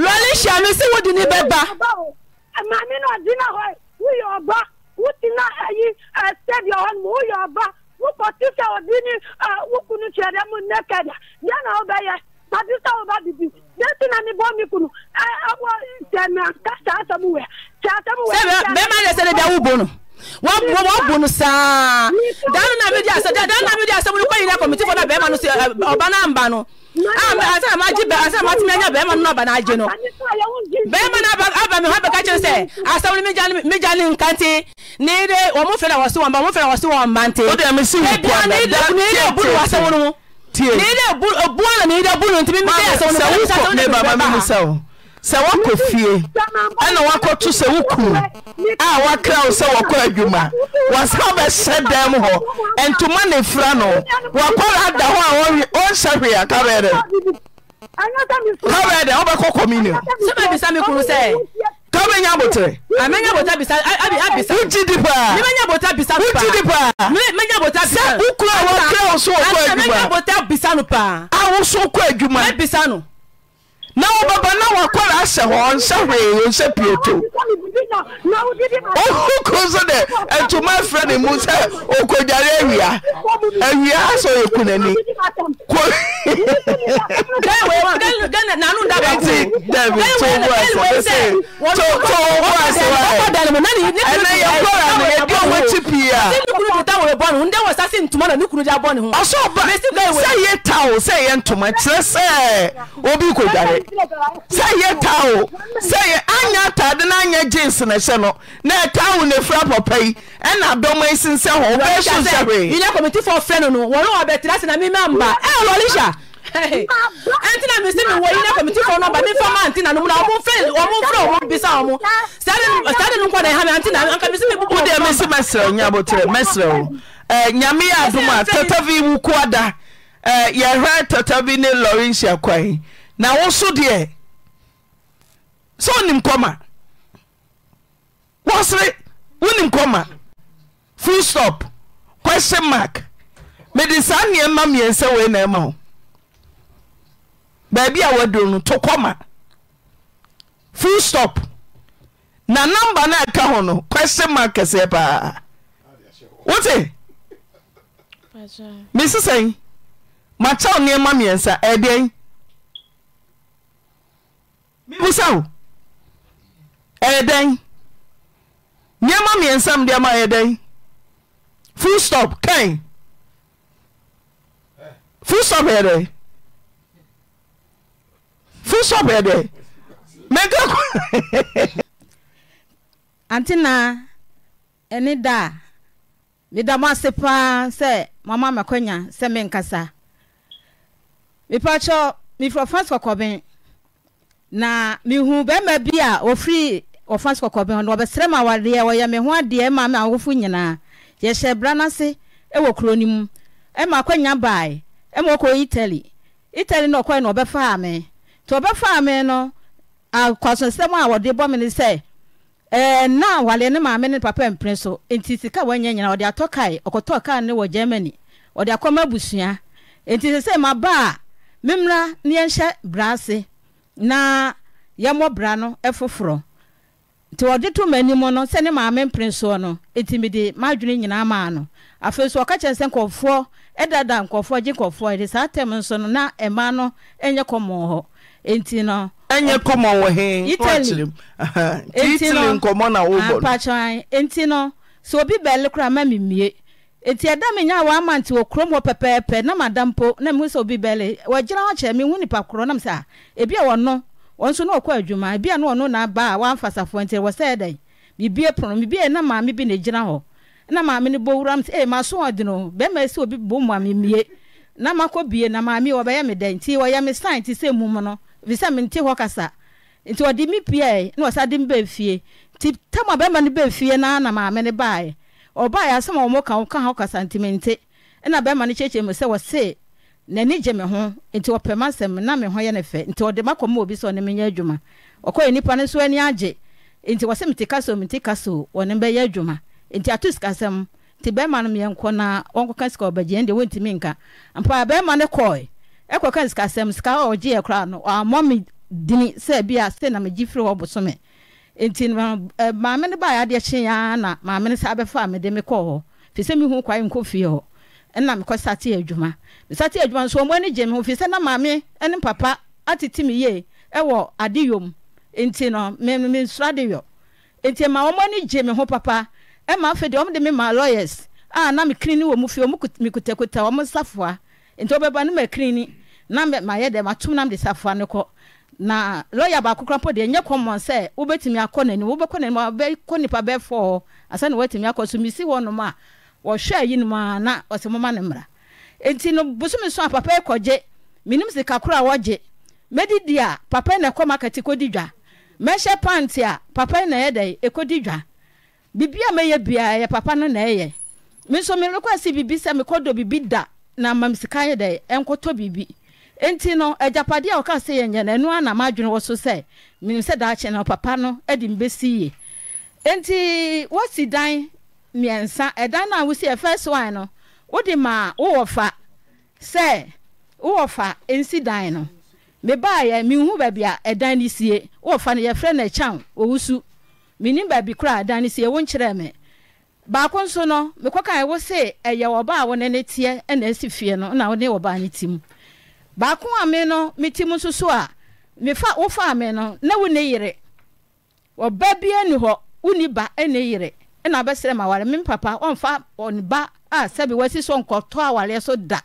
lɔlehyɛ me se wode ne bɛba maame no ɔgyina hɔ woyɛ ɔba wotena ayi uh, sɛdeɛ hɔ nom woyɛ ɔba wopɔte sɛ ɔde uh, ne wokunu kyerɛ dɛ mu nnɛkɛda deɛ na wobɛyɛ mabisa wo ba bibi yesu na ni bɔ mi kunu ɛ awɔ dɛmɛ ka sa asɛmu wɛ sa asɛmu wɛ. sɛbɛ bɛɛ ma lɛsɛ de bi awo bonu wọn bọ wọn bọnu saa danu na mi di asɛ danu na mi di asɛ mu ni kɔyin na kɔmiti fɔ na bɛrɛma no se ɔba uh, uh, na nba no asɛ na ma ji bɛ asɛ na ma ti mi ɛnyɛ bɛrɛma no na ah, ɔba na agye no bɛrɛma na aba mi hɔ abɛka kyerɛ sɛ asɛm ni mi gya ni nkante ne de wɔn mo fɛ na wɔsi wɔn ba wɔn mo fɛ na wɔsi wɔn ba nte ebi ani ne kun de obu ni wɔsɛm no mu. Uh, tie sɛ wokɔ ne baba memu sɛ wo sɛ woakɔ fie ɛna woakɔto sɛ wo kuru a woakra wo sɛ wɔkɔ adwuma wɔsa bɛhyɛ dɛm hɔ ɛntoma ne fira no wakɔra da hɔ a ɔnhyɛ hwee a ka bɛɛ dɛ ka bɛɛ dɛ wobɛkɔ communion tọ́ bẹ nya bọ̀tẹ̀. àmì nya bọ̀tẹ̀ bisa abi abisa. o ji di paa. ni bẹ nya bọ̀tẹ̀ bisa paa. o ji di paa. mi bẹ nya bọ̀tẹ̀ bisa. sẹ ukura wọn kẹ ọsọ ọkọ ẹdùmá. àti sẹ mi nya bọ̀tẹ̀ bisa nu paa. awoso ọkọ ẹdùmá. mẹ bisa nu na wo baba na wakɔre ahyɛ hɔ ɔnhyɛ hwee ɔnhyɛ pioto ohuku so dɛ ntoma afrɛ ne mu sɛ ɔkɔdware awia awia sɛ ɔyɛ ku n'ani nti dabi to wo asɛ ɛsɛ to to wo asɛ wa yɛ ɛnɛ yɛ kɔra no yɛ di ɔwɔ akyi pii a ɔsɔ ɔba sɛ yɛ ta o sɛ yɛ ntoma kyerɛ sɛ obi kɔdware sɛ yɛ o sɛ yɛ anyɛ atade na anya jeans na hyɛ eh? no na eta ne fira pɔpa yi ɛna dɔm asin hɔ wobɛso sɛ hwee yina kɔmitifɔ na mema mba ɛ na mesi mewɔ yina kɔmitifɔ no ba mefa ma anti na no mu na ɔmo fɛ ɔmo frɛ ɔmo bisa ɔmo sade no nkɔ na ɛha me anti na anka mesi mebobɔ wodeɛ mesi mɛserɛ na wo so deɛ sɛ wonim kɔma wɔsere wonim kɔma full stop question mark mede saa nneɛma mmiɛnsɛ wei na ɛma wo baabi a woaduro no to kɔma full stop na namba no aka ho no question mark kɛseɛ paa wote mesi sɛn makyɛw nneɛma mmiɛnsa ɛdeɛn mibusaw ɛyɛ eh, dɛn nneɛma mmiɛnsam deɛ ma ɛyɛ eh, dɛn full stop kan full stop ɛyɛ eh, dɛn full stop ɛyɛ dɛn mɛka kɔ. ante na ɛne da a meda mo ase paa sɛ mama makwanya sɛ menkasa mepa kyɛ mefrɛ franc kɔkɔben na mehu bɛima bi a ofiri ɔfa so kɔkɔbɛn hɔn wɔbɛsrɛ ma awadeɛ wɔyɛ me adeɛ awofo nyinaa yɛhyɛ bra kuro mu akɔnya ɔkɔ na na no a wɔde bɔ na waleɛ ne maame ne papa mpene so nti sika wɔanya nyina ɔde atɔ kae ɔkɔtɔɔ kaa ne wɔ germany ɔde akɔma abusua nti sɛ a ne yɛnhyɛ bra ase na yɛmmɔ bra no foforɔ nti ɔde to ma anim no sɛne maame mpere soɔ no ɛti mede m'adwene nyinaa maa no afei so ɔka kyerɛ sɛ nkɔfoɔ dada nkɔfoɔ gye nkɔfoɔ ɛde saa tam nso no na ɛma no nyɛ kɔmmɔn hɔ enti no ɛnyɛ kɔmɔ wɔ he italy nkɔmmɔ na wobɔ nti no so obi bɛle koraa ma memmie eti ɛda mi nya wɔn amante wɔ kurom wɔ pɛpɛɛpɛ na ma da mpo na mi sɛ obi bɛlɛ wɔgyina hɔ kyɛ mi hu nipa korɔ nam sɛ ah, ebi a wɔn no wɔn nso na ɔkɔ adwuma ebi a no ɔno na aba a wɔamfasafoɔ nti wɔ sɛ ɛdɛ bibi epono bibi a na maame bi na gyina hɔ na maame no bɔ wura mu sɛ ee eh, ma so ɔdi no bɛrima esi obi bɔ mu a mie na ma kɔ bie na maame wɔbɛyɛ mi dɛ nti wɔyɛ mi sign ti sɛ mu mu no bisɛ mi nti hɔ kasa nti wɔde mi pie na wɔsa de mi bɛ fie nti tam a bɛrima no bɛ fie na na maame no baaɛ ɔbaa yɛ asɛm a wɔn ka ka ha kasa ntimente ɛna bɛrima no kyekyere mu sɛ wɔse n'ani gye me ho nti ɔpɛ ma nsɛm na me ho yɛ ne fɛ nti ɔde ma kɔ mu obi sɛ ɔne me nyɛ adwuma ɔkɔyɛ nipa no nso ani agye nti wɔsɛ mete ka mete ka so ɔne bɛyɛ adwuma nti ato sikasɛm nti bɛrima no mmiɛ nkɔ na wɔnkɔka sika ɔbɛgye ɛn deɛ wɔntumi nka mpa bɛrima no kɔe ɛkɔka sikasɛm sika ɔgye yɛ koraa no ɔammɔ me dini sɛ bi a sɛ na megye firi hɔ bosome nti eh, maame no baayɛ adeɛ kye yaa na maame no saa bɛfa a mede me kɔɔ hɔ fi sɛ mehu kwae nkɔ fie hɔ ɛna mekɔ sate adwuma mesate adwuma nso ɔmo ani gye me ho fi sɛ na maame ne papa atete me yie ɛwɔ yom nti no mensoro adeyɔ nti ma ɔmo ani gye me ho papa ɛma afei deɛ ɔmo de me ma lawyers a na mekiri ni wɔ mu fie ɔmo mekutakuta ɔmo nsafoa nti ɔbɛba no ma kiri ni na mayɛ dɛ matom na mede safoa no kɔ na lɔya baako kora mpo deɛ nyɛ kɔmmɔn sɛ wobɛtumi akɔ n'anim wobɛkɔ n'anim wobɛkɔ nipa bɛfɔ hɔ asane woatumi akɔ so misi hɔ nom a wɔhwɛ ayi nom a na ɔsɛ moma ne mmara enti no bosome so a papa yi kɔgye menim sika koro a wɔgye mɛdidi a papa yi na ɛkɔ makɛte kɔdi dwa mɛhyɛ panti a papa yi na ɛyɛ dɛ ɛkɔdi dwa biribi a mɛyɛ biara yɛ papa no na ɛyɛ me nso merekɔ asi biribi sɛ mekɔdɔ biribi da na ma me sika yɛ dɛ ɛnkɔtɔ e nti no agyapadeɛ a ɔka sɛ yɛnyɛ no ɛno na madwene wɔ so sɛ menim sɛ daakye no papa no de mbɛsi yie nti wɔsi dan mmiɛnsa ɛdan no a wosi ɛfɛ so an no wode ma wowɔ fa sɛ wowɔ fa nsi dan no mebaayɛ menhu baabi a ɛdan no sie wowɔ fa no yɛfrɛ no ɛkyan owusu menim baabi a ɛdan no sie wo nkyerɛ me baako nso no mekɔka ɛwo se ɛyɛ wɔba a wo ne ne teɛ ɛna asi fie no na wo ne wɔba ne ti mu baako a me no metim nso so a mefa wofaa me no na wo ne yere ɔba bia ni hɔ woni ba ne yere na bɛsrɛ ma aware me papa ɔmfa ɔne ba a sɛbi wasi so nkɔtɔ awareɛ so da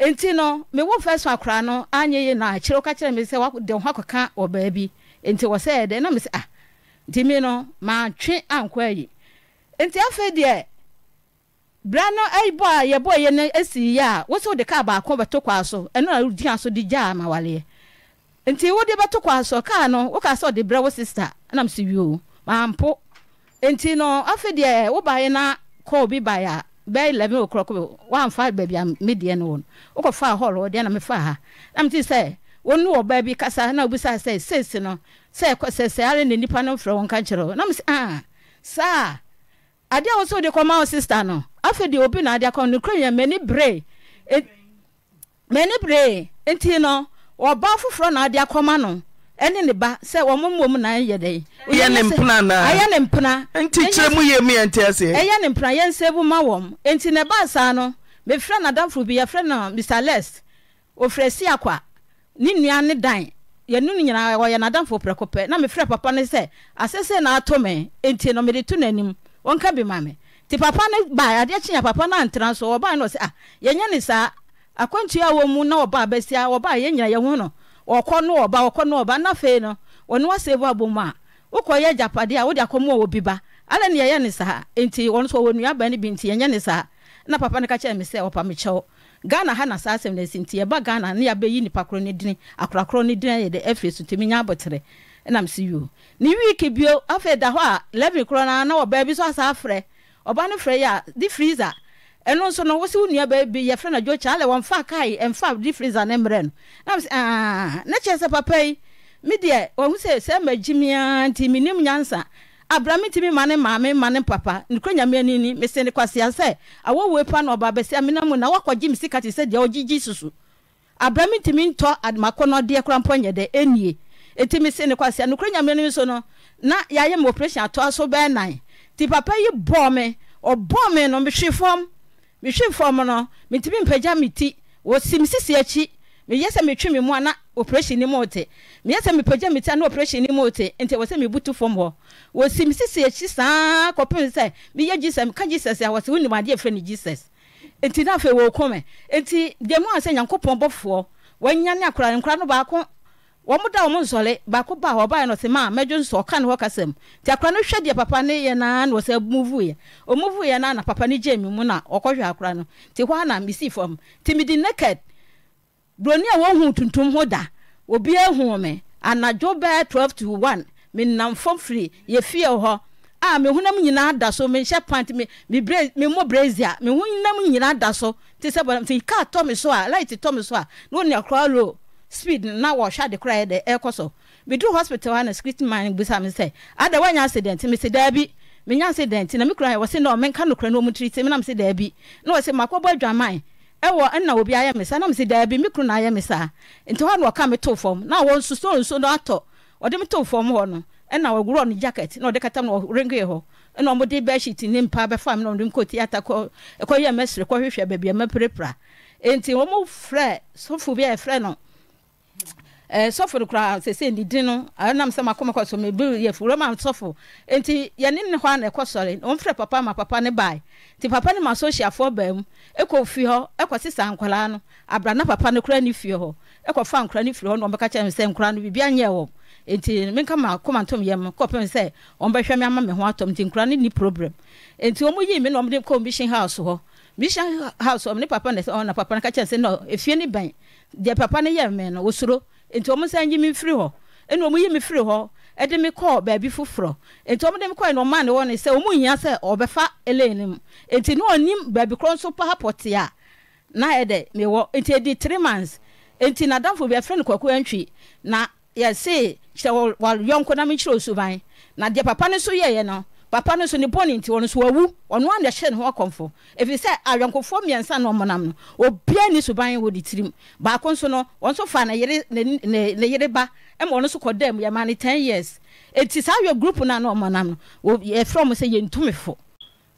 nti no mewo fɛ so akora no anya yi na akyerɛ woka kyerɛ me sɛ wode ho akɔka wɔ baabi nti wɔ sɛ ɛdɛ na mesɛ ah nti me no ma maatwe ankɔ ayi nti afei deɛ bra no eh, ɛbɔ a yɛbɔ yɛ no asi eh, yɛ a wo sɛ wode kaa baako bɛto kwa so ɛno na wogyina so de gyaa amawaleɛ nti wode bɛto kwa so kaa no woka sɛ ɔde brɛ wo sister nam so wio mampo nti no afe deɛ wobaeɛ na kɔɔ bi baeɛ a bɛyɛ eleven o'clock wamfa baabi a medeɛ no wɔ no wokɔfaa hɔl hɔ deɛ na mefaa ha na mete sɛ wɔn wɔ baa kasa na obisa sɛ seesi no sɛ kɔ sɛ ara na nipa no frɛ wɔn ka kyerɛ na mesɛ ah saa adeɛ a wɔ sɛ wode kɔma wo sister no afei deɛ obi na ade akɔ no kura yɛ mɛni bere mɛni bere nti no ɔbaa foforɔ na ade akɔma no ɛne ne ba sɛ wɔn mu mu na yɛ dɛ. yɛ ne mpena na ayɛ ne mpena. nti kyerɛ mu yie mu yɛ nti ase. ɛyɛ ne mpena yɛ nsa ebu ma wɔm nti ne ba saa no mefrɛ na adamfo bi yɛfrɛ no mr les ofrɛ si akwa ne nua ne dan yɛnu no nyinaa wɔyɛ n'adamfo prɛko pɛ na mefrɛ papa no sɛ asese na ato me nti no mede to n'anim wɔnka bi ma me nti papa no ba adeɛ kye ya papa na antena so wɔbaa no ɔsɛ ah yɛnyɛ ne saa akwantua a wɔ mu na wɔbaa bɛsia wɔbaa yɛn nyina yɛn ho no ɔkɔ no ɔba ɔkɔ no ɔba na afei no ɔno asɛ bɔ abɔ mu a wokɔyɛ agyapadeɛ a wode akɔmɔ wɔ bi ba ala ne yɛyɛ ne saa nti ɔno so ɔwɔ nnuaba no bi nti yɛnyɛ ne saa na papa no ka kyerɛ me sɛ ɔpa mekyɛw ghana ha na saa asɛm no asi nti yɛba ghana ne yɛabɛyi nipa korɔ no dini akorakorɔ no dini ayɛ dɛ afiri so ntimi nya abɔterɛ ɛnam se yio ne wiiki bio afei da hɔ a 11 korɔ no na wɔbaa bi so asa afrɛ ɔbaa no frɛ yɛ a de freezer ɛno nso no wo sɛ wo nua baabi yɛfrɛ no dwokyɛ ale wɔmfa kae ɛmfa de freezer ne mmerɛ no nam sɛ aa ne kyerɛ sɛ papa yi me deɛ ɔhu sɛ sɛ magyi mea nti menim nyansa abra metumi ma ne maame ma ne papa nekora nyame anini mese ne kwasea sɛ awɔwue pa na ɔba bɛsia mena mu na woakɔgye me sika te sɛ deɛ ɔgyegye susu abra metumi ntɔ makɔnɔdeɛ kora mpɔ nyɛ dɛ ɛnie ɛti mese ne kwasea nekora nyame anini so no na yɛayɛ ma operation atoa so bɛɛ nan nti papa yi bɔɔ me ɔbɔɔ me no mehwe fam mehwe fam no metumi mpagya me ti wɔsim sisi akyi meyɛ sɛ metwe me mu a na operation ni mu te meyɛ sɛ mepagya me ti a na operation ni mu te nti wɔ sɛ mebutu fam hɔ wɔsim sisi akyi saa kɔpem sɛ meyɛ jesus ka jesus a wɔsɛ wonim adeɛ frɛ no jesus nti na afei wɔkɔ me nti deɛ mu a sɛ nyankopɔn bɔfoɔ wɔnyane akora nkora no baako wɔn da wɔn nsɔle baako ba a ɔbaa yɛn ɔsɛ maa mɛdwo nsɔ ɔka ne hɔ kasɛm te akora no hwɛ deɛ papa ne yɛ naa na ɔsɛ muvu yɛ ɔmuvu yɛ naa na papa ne gye mi mu na ɔkɔhwɛ akora no te hɔ ana misi fam te mi di naked broni a wɔn hu tuntum ho da obiara hu mi anadwo bɛɛ twelve to one mi nam fam firi yɛ fie hɔ a mi hunam nyinaa da so mi nhyɛ pant mi mi bre mi mo brezia mi hunam nyinaa da so te sɛ bɔn te kaa tɔ mi so a light tɔ mi so a na o ni akora speed na wɔhwɛ ade koraa yɛ dɛ ɛkɔ so meduru hospital ha na security man busa mi sɛ ada wanya accident mi sɛ daabi menya accident na me kura yɛ wɔsi na ɔmenka no kura na ɔmo tiri sɛ mi na mi sɛ daabi na wɔsi mako bɔ adwaman ɛwɔ ɛna obi ayɛ mi saa na mi sɛ daabi mi kuru na ayɛ mi saa nti hɔ na ɔka mi to fam na wɔn nso so nso na atɔ ɔde mi to fam hɔ no ɛna wɔgorɔ no jacket na ɔde kata mu na ɔrenke hɔ ɛna ɔmo de bedsheet ne mpa bɛfa mi na ɔmo de mi kɔ theatre kɔ ɛkɔ yɛ mɛsiri kɔ hwehwɛ baabi ɛmɛpirepira nti wɔn mo frɛ sɔfo no ɛɛ eh, sɔfo de kura sese ne din no ɛnam sɛ makoma kɔ so mebi yɛ furu ma sɔfo nti yɛne ne hɔ a ɛkɔ sɔre wɔn fira papa ma papa ne baa nti papa ne ma asosiafoɔ baa mu ɛkɔ fi hɔ ɛkɔ sisa nkwaraa no abira na papa ne kura ne fie hɔ ɛkɔ fa nkwaraa ne firi hɔ na ɔbɛka kyerɛ mi sɛ nkwaraa no bibi anyɛ wɔm nti minka ma koma ntom yɛ kɔpem sɛ ɔmbɛhwɛ mi ama mi ho atɔm nti nkwaraa ne ni problem nti wɔn yi mi na wɔn de kɔ mission house hɔ mission house hɔ ne papa ne sɛ ɔna papa ne ka kyerɛ sɛ no efie ne bɛn deɛ papa ne yɛ mɛ no osoro nti wɔn san yi mi firi hɔ ɛna wɔn yi mi firi hɔ ɛde mi kɔɔ baabi foforɔ nti wɔn de mi kɔɔ ɛna ɔmaa ne wɔn sɛ wɔn nyina sɛ ɔbɛfa ɛlɛn nti ne ɔnim baabi korɔ nso paa pɔtea na yɛ dɛ mi wɔ nti edi three months nti n'adamfo bi afrɛ no kɔkɔ ɛntwi na yɛsi kyerɛ wɔ yɔnko na mi kyerɛ osuban na deɛ papa ne so yɛyɛ no papa no so ne bɔne nti ɔno so wawu ɔno ana ɛhyɛ ne ho akɔmfo ɛfiri sɛ awɛnkofoɔ mmiɛnsa na ɔmonam no obia ni suban wɔ ne tirim baako nso no ɔno so fa ne yere ne yere ba ɛma ɔno so kɔda mu yɛma ne ten years ɛti saa awɛ group no a na ɔmonam no yɛfrɛ mo sɛ yɛntumifo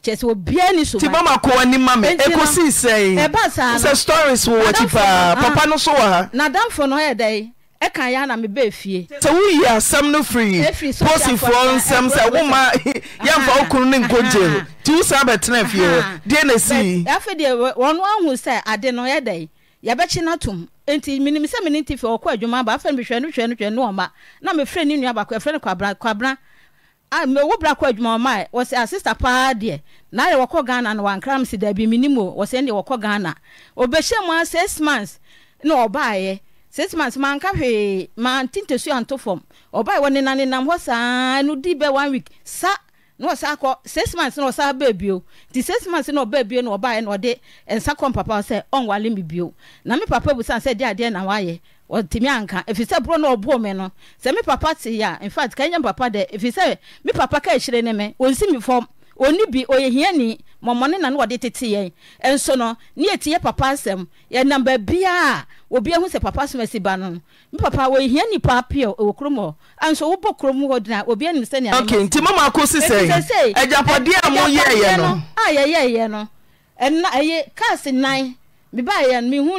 kyɛ sɛ obia ni suban ti bama kɔ w'anim ma me ɛkɔsii sɛi ɛba saa no sɛ stories wɔ wɔ ti paa papa ah, no so wɔ ha nadamfo no ɛyɛ dɛn ɛka yɛ na meba efie. sɛ woyi asɛm no firi posifoɔ nsɛm sɛ woma <laughs> yɛmfa wo kunu ne nkɔ gye nti wo saa bɛtena fie hɔ deɛ na sii afei deɛ wɔno ahu sɛ ade no yɛ dɛn yɛbɛkye no atom nti menim sɛ mene nti fɛ ɔkɔ adwuma ba afɛ no mehwɛ no hwɛ no hwɛ no ɔma na mefrɛ ne nua baako ɛfrɛ no kwabra kwabra a mewɔ bra kɔ adwuma ɔma wɔsɛ asista paa deɛ na yɛ wɔkɔ ghana no wankram si daabi menim o wɔsɛ ne wɔkɔ ghana ɔbɛhyɛ mu a six months na ɔbaayɛ six months manka hwee mante ntasu anto fam ɔbaa wɔ nenam nenam hɔ saa ah, no di bɛ one week sa na ɔsa akɔ six months na ɔsa bɛɛ bio nti six months na ɔbɛɛ bio na ɔbaa na ɔde nsa kɔn papa sɛ ɔnwale mi bio na me papa busan sɛ deɛ adeɛ na wayɛ ɔtumi anka efisɛ buro na ɔbuo mi no sɛ me papa te yɛ a in fact kanyɛ papa dɛ efisɛ me papa ka ekyire ne mɛ onsi mi fam. ɔni bi ɔyɛ na ne tete yɛn ɛnso no ne yɛti yɛ papa asɛm nam a obia hu sɛ papa asɛm asi ba no no papa wɔyɛ hiani paa pia kurom hɔ ɛnso wobɔ kurom hɔ dina obia nim sɛnea nti mama ko si sɛn agyapadeɛ a moyɛɛyɛ no a yɛyɛɛyɛ no ɛna ɛyɛ no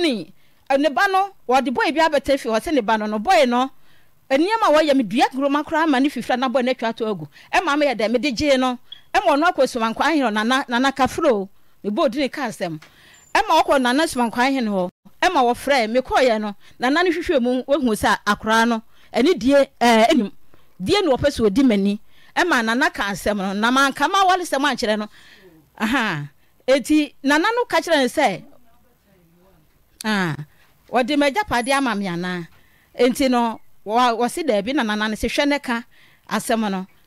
ne ba no wɔde abɛtɛ fi ne ba no no no nneɛma koraa ma ne na bɔ atwa to agu ɛma dɛ ma ɔno akɔ sumankwa ahene hɔ nana kafuro mebɔ odi ne ka asɛm ɛma ɔkɔ nana sumankwa ahene hɔ ɛma wɔfrɛ mekɔɔyɛ no nana no hwehwɛ mu wahu sɛ akoraa no ɛne die anim die na wɔpɛ sɛ ɔdi m'ani ɛma nana ka asɛm no na manka ma wale sɛm ankyerɛ no aha eti nana no ka kyerɛ no sɛ wɔde m'agyapadeɛ ama me anaa enti no wɔse daabi na nana no sɛ hwɛ ne ka asɛm no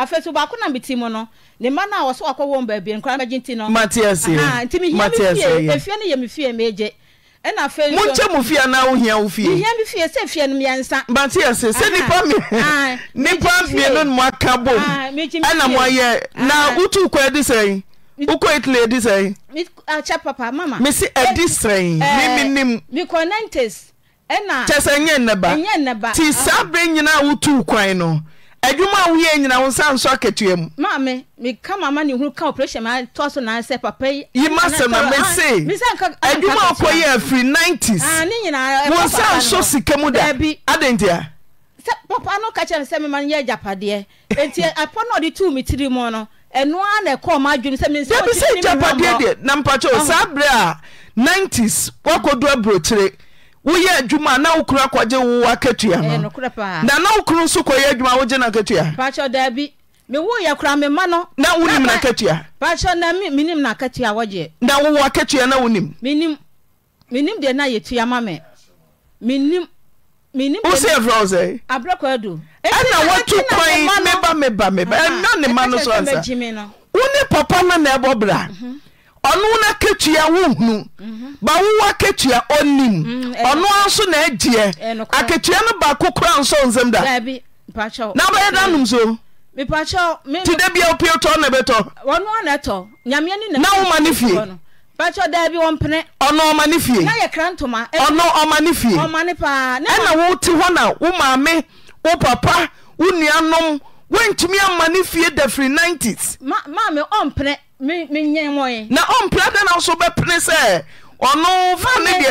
ai baa na mti m no na s mokyɛ mo fie anaa wo hia wo fiematias sɛ nipa <laughs> mmienu nemo aka bom ɛna moayɛ na wotuu kwa di sɛn wokɔitili adi sɛn me si eh, adi sɛn memenimkyɛɛ sɛ eh, nyɛ nnɛ bati saa berɛ nyinaa wotuu kwan no adwuma a woyɛ nyina wo nsa nsɔ akatua mu maame meka mama ni hunu ka operation ma toa so na sɛ papa yi yi ma sɛ na me se ah, adwuma a kɔyɛ afiri 90s ah, ne nyinaa wo nsa nsɔ sika mu da adɛn ntia sɛ papa no ka kyerɛ me sɛ mema no yɛ agyapadeɛ enti <laughs> apɔ no ɔde tuu me tiri mu no ɛno a na ɛkɔɔ ma adwene sɛ mesɛ agyapadeɛ deɛ na mpakyɛw saa berɛ a 90s woakɔdu aburokyire woyɛ adwuma na wo kora wo akatua na wo koro nso kɔyɛ adwuma wogye no ya mewoyɛ kora memma no na wonim ya. namenim noakatua wɔgyeɛ na wowɔ akatua na wonim menim deɛ na yɛtua ma me menim kwan meba meba ɛna ne ma no so ansa papa no na ɛbɔ mhm. ɔno no akatwua wohunu mhm. ba wowo akatua ɔnim mm, eh. ɔno a nso na agyeɛ eh, akatua no baako kora nsɔ nsɛm da na bɛyɛ da anom so ti da bia woptɔ na bɛtɔna woma ne fieɔn ɔmane fien ɔmane fieɛnna worte hɔ na wo maame wo papa wo nnuanom wontumi ama ne fie da fri ninets meyɛ wɔ na ɔmpra dɛ e no wso bɛpene sɛ ɔno fa nedeɛ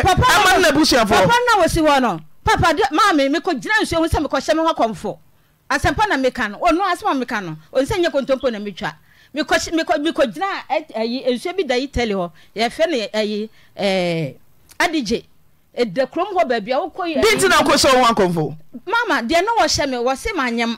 onabsafona wɔsi hɔ nomekɔgyina nsuh sɛ mekɔhyɛ m h akɔfo asmpnakɔsnya kɔtɔmpɔnma giansua bi da yi tale hɔ yɛfɛ ne i e, adig e da krom hɔ baabiatiwɔɛwkɔfdeɛ ne wɔhyɛ me wɔse manyam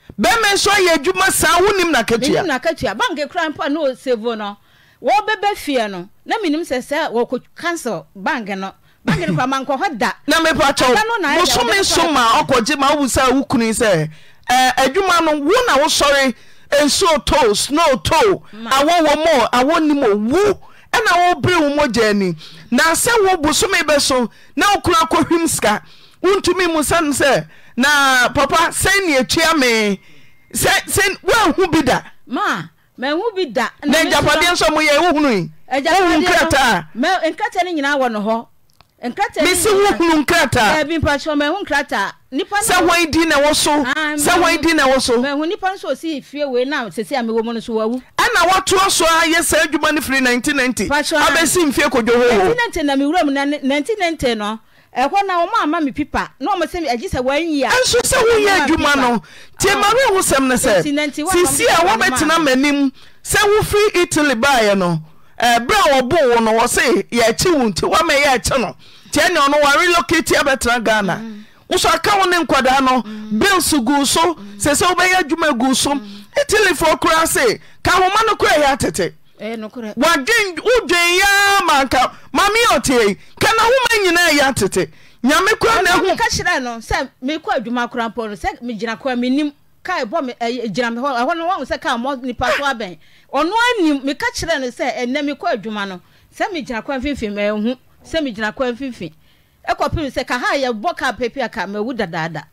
bɛima nso ayɛ adwuma saa wonim nakatuanakatua bank kura mpo a na ɔsevo no wɔbɛbɛ fie no na menim sɛ sɛ wɔkɔ cancel bank no bank no nkọ hɔ da na mepa kyɛwbosome so ma ɔkɔgye ma wobu saa wo kuni sɛ adwuma no wo na wosɔre nsuo too snow too awɔwɔ mɔ awɔnim owu ɛna wɔbere wo mɔgya ani na sɛ wo bosome bɛ so na wokora akɔhwim sika wontumi mu sane sɛ na papa sɛn nea atua me ɛɛwoaahu bi da i dana agyapadeɛ nsɔ moyɛ wohnuu krataamɛsi wohunu nkrataɛ i n w s ana wɔatoa so a yɛ saa adwuma no firi 1990 abɛsi mfie kɔdwo hɔo ɛnso sɛ woyɛ adwuma no ntiɛma re hosɛm no sɛ sisie a wobɛtena am'anim sɛ wofri italy baaeɛ no berɛ a wɔbo wo no wɔ se yɛakye wo nti womayɛ akye no ntia ne ɔno wre locati abɛtena ghana woso aka wo ne nkwadaa no bills guu so sɛ sɛ wobɛyɛ adwuma guu so mm. italyfoɔ kora se ka homa no korayɛ atete wodwnaa maaka mameɛ ɔteɛi kana homa nyinaa yɛ atete yameknkerɛ no sɛ mekɔ adwuma kramasɛ np s abɛn ɔnneka kyerɛ no sɛ ɛnɛ mekɔ adwuma no sɛ megyinakoa ffi mah sɛ megyinakoa ffi psɛ hayɛbɔ kap mawddaada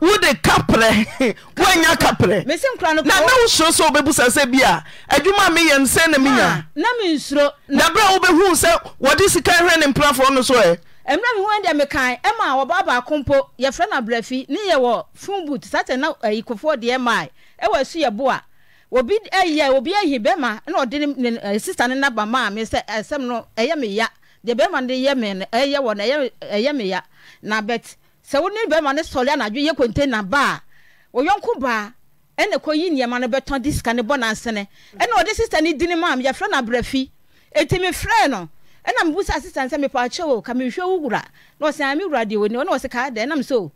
wode kaprɛ <laughs> woanya kaprɛna na wosuro sɛ wobɛbu sa sɛ bi a adwuma a meyɛ m sɛ na menya ah, na berɛ a wobɛhuu sɛ wɔde sika hwɛ ne mprafoɔ no so ɛ mmerɛ mi ho deɛ mekan ma wɔbaa baako mpo yɛfrɛ no abrɛfi ne yɛ fon boot sata na ayikofoɔ eh, deɛ mae ɛwɔ asu yɛ boa obi ayɛ eh, obi ahi bɛma na ɔde ne eh, sista ne naba maa me sɛ ɛsɛm no ɛyɛ me ya deɛ bɛma no yɛ me ɛyɛ wɔ no ɛyɛ me ya na bɛt sɛ wo ne bɛrima no sɔre anadwo yɛ kɔntena ba a ɔyɔnko baa ɛna kɔyi nneɛma no bɛtɔn de sika no bɔ nansene ɛna ɔde sista no din maa me yɛfrɛ no abrɛfi ɛti mefrɛɛ no ɛna mebusa sista no sɛ mepaakyɛ o ka mehwɛ wo wura na ɔsɛ ame wura deɛ ɔni ɔne ɔse kaa dɛ ɛnam sɛ oh,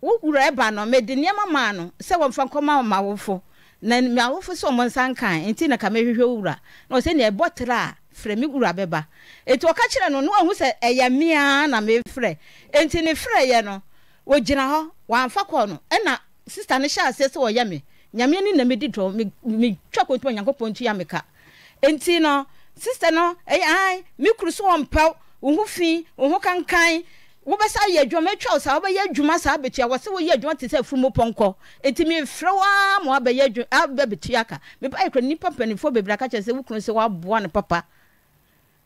wo wura ɛba no mede nneɛma maa no sɛ wɔmfa nkɔma ma wofo na mawofo sɛ ɔmo nsa nkan nti na ka mehwehwɛ wo wura na ɔsɛ nea ɛbɔ terɛ a frɛ me wura bɛba enti ɔka kyerɛ no na wahu sɛ ɛyɛ mmea na mefrɛ enti ne frɛyɛ no wɔgyina hɔ wɔamfa kɔɔ no ɛna sista no hyɛ aseɛ sɛ wɔyɛ me nyame ni na medi dɔ metwa kɔntum onyankopɔn ntua meka enti no sista no ɛyɛ ai me kuru so ɔmpɛw wo ho fi wo ho kankan wobɛsa yɛ adwuma matwa wo saa wobɛyɛ adwuma saa bɛtua wɔ sɛ woyɛ adwuma te sɛ afurumu pɔnkɔ enti mefrɛ wo a ma wabɛyɛ adwuma abɛbɛtua ka mepɛ ayɛ kura nnipa mpanimfoɔ bebree aka sɛ wo sɛ woaboa ne papa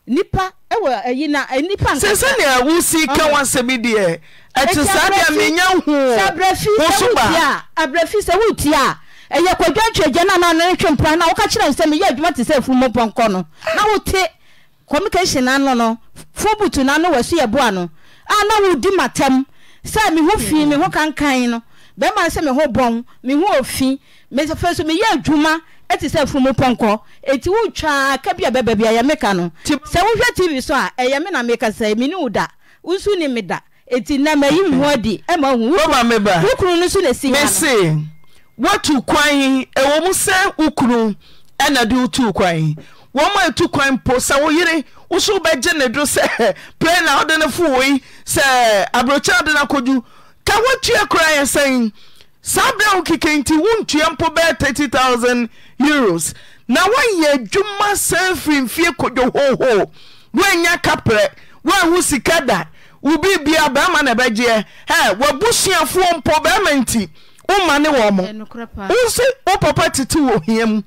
nipa ɛwɔ ɛyi eh, na eh, nipa nkasa sese nea wusi ka wansɛm deɛ ɛti saa deɛ menya huu wosu ba abirafi sɛ wuti a ɛyɛ kɔdwa ntwɛgya na na ne twɛ mpɔn na wɔka kyerɛ nsɛm yɛ adwuma te sɛ efumu pɔnkɔ no na wote communication ano no fobutu n'ano wɔ so yɛ bo ano a na wodi matam sɛ mi ho fi mi ho kankan no bɛrima sɛ mi ho bɔn mi ho ofi mi fɛ so mi yɛ adwuma. ɛti sɛ afuromu pɔnkɔ ɛti wotwaa ka bia bɛbabia yɛmeka no sɛ wohwɛ tv so a yɛme namka sɛ minwodawndtmese woatu kwan wɔ m sɛ wo kunu ɛnade wotu kwan wɔma ɛtu kwan po sɛ woyere wo sowobɛgye ne dro sɛ prɛn aodeno foe i sɛ aborɛcya deno kodwu ka woatua koraɛsɛn saa berɛ wo keke nti wontua mpo bɛɛ 30000 euros na woanyɛ adwuma saa firi mfie kodwo hohoo woanya kaprɛ woaho sika da wobirbia barima na bɛgyeɛ wabosuafoɔ mpo barima nti woma ne wɔ mo wose wo papa tete wɔ hia mu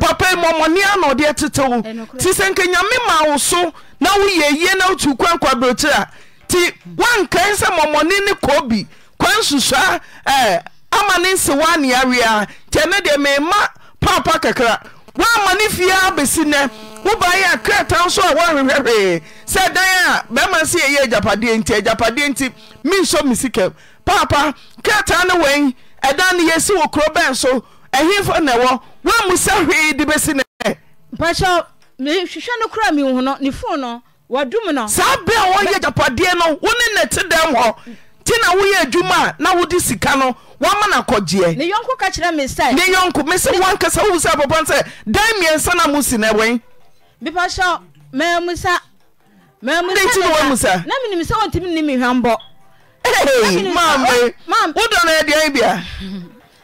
papa yi mmɔmmɔnea na ɔde tete wo nti sɛ nkɛ nyame maa wo so na woyɛ yie na wotu kwa nkwabrɛkyerɛ a nti woankae sɛ mmɔmmɔne ne kɔɔ bi kwa nsusua ama ne nse woaneaweaa deɛ paapa kakra woama ne fie abɛsi nɛ wobaeɛ a krɛta nso a woahwehwɛhwee sɛ dan a bɛrima sɛ yɛyɛ agyapadeɛ nti agyapadeɛ nti mensɔ me sika paapa krɛtaa ne wɔi ɛdan ne yɛsi wɔ kuro bɛn so ɛhemfa na ɛwɔ woamu sɛ hwee de bɛsi nɛ mpakyɛ mehwehwɛ no kora mehu no ne fo no wadum no saa bɛ a wɔyɛ agyapadeɛ no wo ne nɛte dɛm hɔ ina woyɛ adwuma a na wode sika no woma na kɔgyeɛne yɔnko mɛsom wonkɛsa womu sa pɔpɔn sɛ dan mmiɛnsa na mosi na ɛwɛnwm sao bo b aapewɔ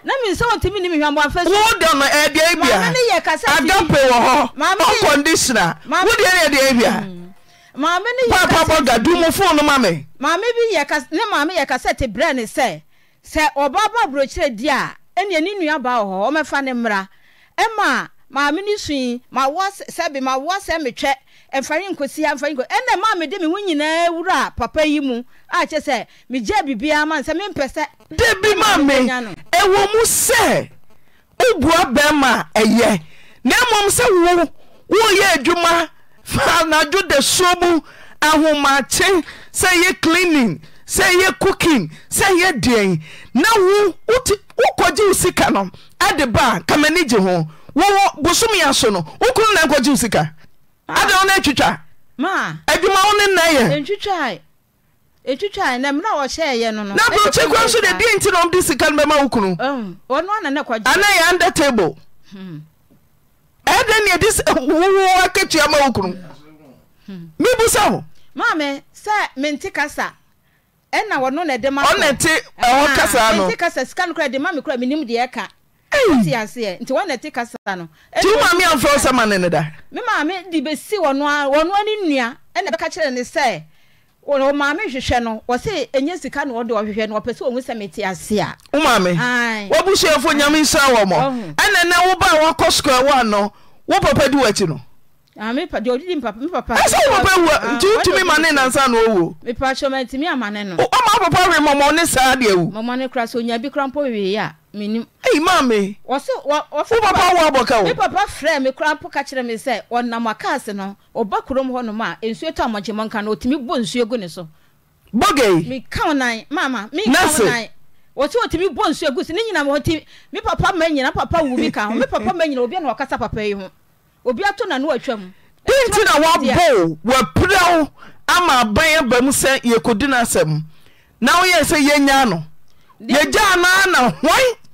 hɔcnditinalwodeno ad bia maame papabɔdadum fo no ma me maame bi yne maame yɛ kasɛ te berɛ ne sɛ sɛ ɔbaa ba borɔkyerɛ di a ɛneɛ ne nuabaa wɔ hɔ ɔmɛfa ne mmra ɛma maame no sui sɛbi mawoa sɛ metwɛ mfare nkosia mfare nkosi ɛnna maa mi de mi ho nyinaa wura papa yi mu a kyɛ sɛ mi gya bibiara ma nsɛ mi mpɛ sɛ. debi maa mi ɛwɔ mu sɛ obua bɛrima ɛyɛ na mmom sɛ wo wɔyɛ adwuma fanadwo da suo mu ahomakye sɛ ɛyɛ cleaning sɛ ɛyɛ cooking sɛ ɛyɛ deɛn na howokɔgye wo sika no ade baa kamani gye ho wohɔ bosomyɛ aso no wo kunu na nkɔgye wo sika ah. ade ho no twitwa adwuma wo no naɛnabɛkyikua so de di nti na ɔde sika no bɛma wokunuana um, yɛ ande table hmm. ɛdɛ nea ɛde wowo akatua ma wo kunu mebu sa ho maame sɛ mente kasa ɛna wɔno na ɛde ma ɔna te ɛhɔ kasa no mente kasa sika no kora de ma me kora menim deɛ ɛka ti aseɛ nti wɔn na ɛte kasa no ti wo maame amfrɛ wo sɛ ma ne ne da me maame de bɛsi wɔno a wɔno ani nnua ɛna ɛbɛka kyerɛ ne sɛ wọ́n maame hwehwɛ no wɔsɛ ɛnyɛ sika na wɔde ɔhwehwɛ no wɔpɛ sɛ ohun sɛ mete ase a. wo maame wabusuafo nyame nsa wɔ mɔ ɛna na wo ba a wakɔ sukuu ɛwɔ ano wo papa di wɔakyi no. ame ah, pa deɛ ɔdidi mpa mpapa. ɛsɛ wo papa wu ah, nti ntumi ma ne nansa na owu. mipa sɔmɛ ntumi ama ne no. ɔma papa wɛ mɔmɔ ne saa deɛ wu. mɔmɔ ne kura so onya bi kura mpɔ wɛ a. mamepaɔkaɛmaɔmɔ bɔe nti na wobɔo waperɛ w ama aban aba mu sɛ yɛkɔdi no asɛmu na woyɛ sɛ yɛanya no yɛgyanana hɔ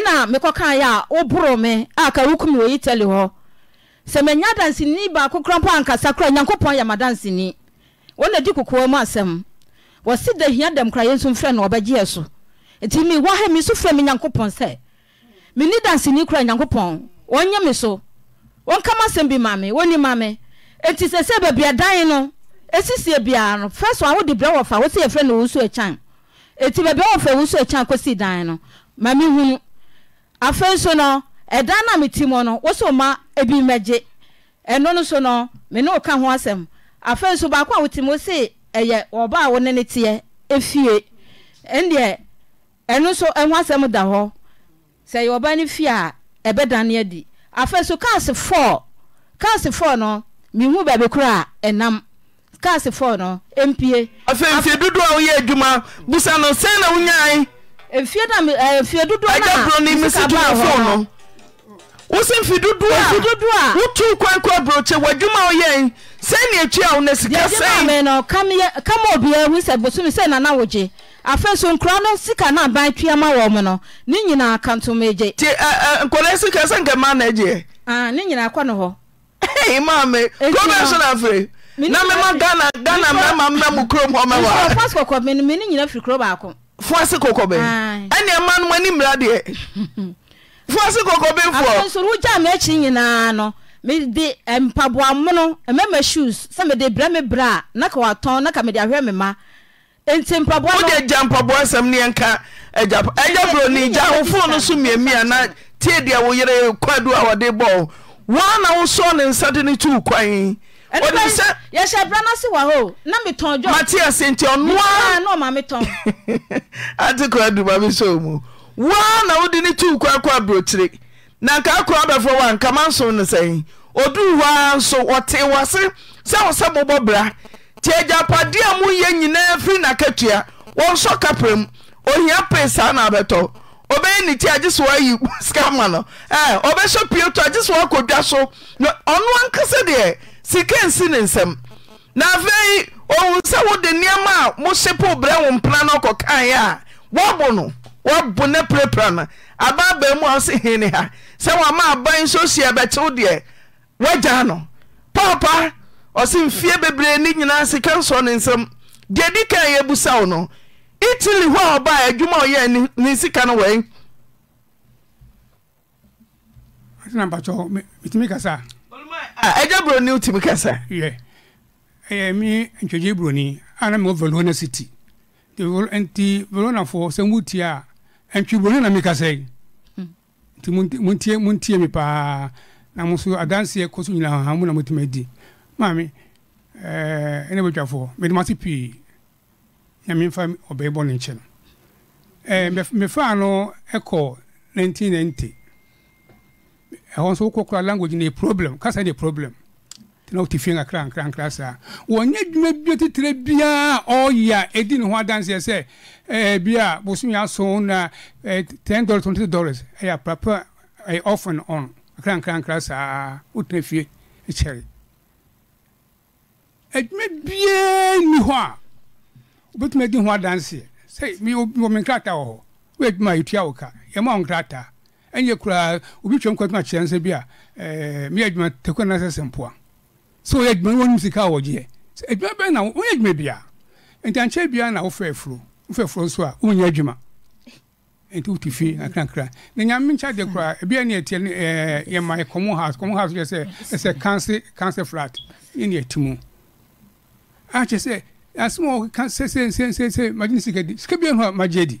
na mekoka yi oboro me kaokom yi em ha sɛ meya dasoni ba aaa a yakop aa i o eɛ ah afei nso no ɛdan na mete mu no wo ma ebi mmɛgye ɛno no so no me ne woka ho asɛm afei nso baako a wotim wo se ɛyɛ ɔba a wo ne ne teɛ efie ɛndeɛ ɛno nso ɛho asɛm da hɔ sɛ ɛyɛ ɔba ne fie a ɛbɛdane adi afei nso kaase four kaase four no mihu baabi kora a ɛnam kaase four no mpie. afei nfi dodo a woyɛ adwuma busa no sɛn na wonyae. efi eh, no wose mfidodoɔ wotu na sika hu sɛ bosomi sɛ nana wogye no sika na aban m no ne nyinaa ka ntom agye nkɔda sika sɛ nkɛma na agyeɛ ne nyinaa kɔ no hɔ maame kɔbɛ so no afei na mema ghana ghana mmarima mna kurom hɔ mɛwɔ passport kɔ firi kuro baako fo ase kɔkɔbɛ ɛne ma nom animra deɛ fo a se kɔkɔbɛfoɔsowogyaa meakyi nyinaa no mede eh, mpaboamono mɛma shoes sɛ mede brɛmebrɛa nakaatɔnnamede ahɛ mema ntipaoawody gya mpaboa sɛm ne ɛnka ya ya borɛneya wofo no so mmiamiana te deɛ wo yere kwad awɔde bɔ wo na wosɔɔne nsade ne to o kwai yɛhyɛ bra ah, no se <laughs> wa hɔ na metɔn dwomatiase nti ɔnoa ate kora aduma bi sɛ mu waa na wode ne tuu koa kɔ aborɔkyire na nkaa kora bɛfo wa nkama nson no sɛi ɔduu hɔ a nso wɔtee wɔ se sɛ wo sɛ mobɔ bra nti agyapadeɛ a moyɛ nyinaa firi nakatua wɔnsɔ kaprɛm ohia pere saa na abɛtɔ ɔbɛyɛ ne ti agye so ayi skama <laughs> no ɔbɛhyɛ pie to agye so akɔdwa so ɔnoa nkasɛ deɛ sika nsi ne nsam na afei ohun sɛ wode nneɛma a mohye po brɛ wo mpena no kɔkaeɛ a wɔbo no wɔbo ne prapra no aba baa a wose hene ha sɛ wama aban nso hyia bɛkyew deɛ woagya no paapa ɔse mfie bebree ne nyinaa sika nsɔ ne nsam deɛ di kan yɛbusa wo no italy hɔ a ɔbaa adwuma a ɔyɛ ne sika no wei metumi kasa ɛgya ah, buroni tim kasa. yɛ ɛyɛ mi ntwɛgye buroni ana mi wɔ Valona city nti Valona fo sɛ mu tia ntwi buroni na mi kasa yi nti mu ntie mu ntie mi paa na mo so adanseɛ kɔ so nyinaa ha mu na mo tuma di maame ɛɛ ɛna bɛtwa fo mɛdi ma se pii nyame nfa ɔbɛn bɔ ne nkyɛn ɛɛ mɛfa ano ɛkɔ nineteen ninety ɛhɔ nso wokɔkora language no yɛ problem kasa ne problem na wote fie nga krankrankra saa wɔnyɛ dwuma bio titire biaa ɔyɛ a ɛdi ne ho adanseɛ sɛ bi a bosome aso na ten dollars twenty dollars ɛyɛ aprapa ɛyɛ off and on krankrankra saa wotena fie kyɛre adwuma biaa nni hɔ a wobɛtumi adi ho adanseɛ sɛ wɔ me nkrataa wɔ hɔ woyɛ adwuma a yɛtua wo ka yɛma wo nkrataa ɛnyɛ koraa obi twɛm kɔ adwuma kyerɛ nsɛ bi a ɛɛ eh, meyɛ adwuma tɛkwa na sɛ sɛmpoa sɛ wɔyɛ adwuma wɔn sika a wɔgyeɛ adwuma bɛn na wɔyɛ adwuma bia nti ankyɛ bia na wofɛ afuro wofɛ afuro nso a wonyɛ adwuma nti wotu fi nakrankra na nyame nkyɛ de koraa ebi ɛne ɛtiɛ ne ɛɛ eh, yɛma yɛ common house common house yɛ sɛ ɛsɛ kanse kanse flat ɛne ɛti mu akyɛ ah, sɛ asoma wɔ kan sɛ sɛ sɛ sɛ sɛ magye ne sika di sika bi ɛho a magye di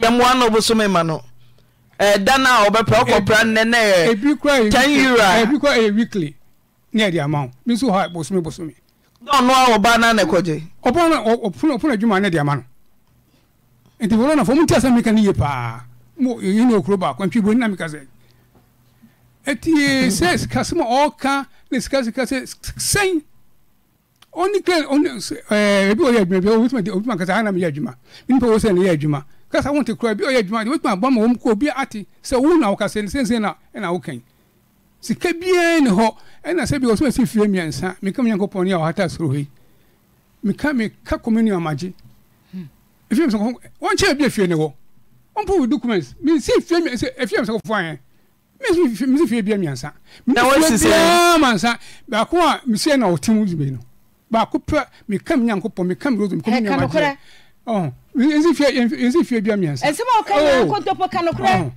yɛmmoa no wobosome ma no da no a wɔbɛpra wokɔpra nnɛ na ɛ 10 euro ní ẹ̀dì àmà wọn bí nsú ha bòsómi bòsómi. ọ̀nà ọba náà nà ẹ̀kọ́ jẹ. ọba náà nti wọn náà fọmù tí a sẹ́ mi ka ní yẹ paa mo èyí ní okuro baako ntwi bro ní nàmi ka sẹ́. ẹtì sẹ́ sika sẹ́ ma ọ̀ọ́ka ní sika sika sẹ́ sẹ́yìn oníkẹ́ ẹ̀ ẹ̀bi eh, wọ́n yẹ ẹ̀dwuma bi wọ́n bí wọ́n kasa hàn náà mi yẹ ẹ̀dwuma nípa wọ́n sẹ́ ni yẹ ẹ̀dwuma kasa wonte kura bi ɔyɛ adwuma de wotuma bɔ ma wɔn kɔ obi ate sɛ wo na wɔka sɛ nsensɛn na ɛna wokɛn sika biara ne hɔ ɛna sɛ bi wɔso ɛsi fie mmiɛnsa meka mi nyankopɔn ne a wɔhata soro yi meka meka kɔmini amagye efi mi sɔkɔfo wɔn kyɛn bi efie ne wɔ wɔn po with documents mi si fie mmiɛnsa efi mi sɔkɔfo ayɛ mi si mi si fie bi mmiɛnsa mi si fie biara mmiɛnsa baako a mi si yɛ na ɔte mu zube no baako pɛ meka mi nyankopɔn meka mi rozo meka mi nyamagye ɔhun oh, nsi fie nsi fie bia miɛnsa. ɛsɛ ma ɔka nyɛ nkontopo ka no korɛ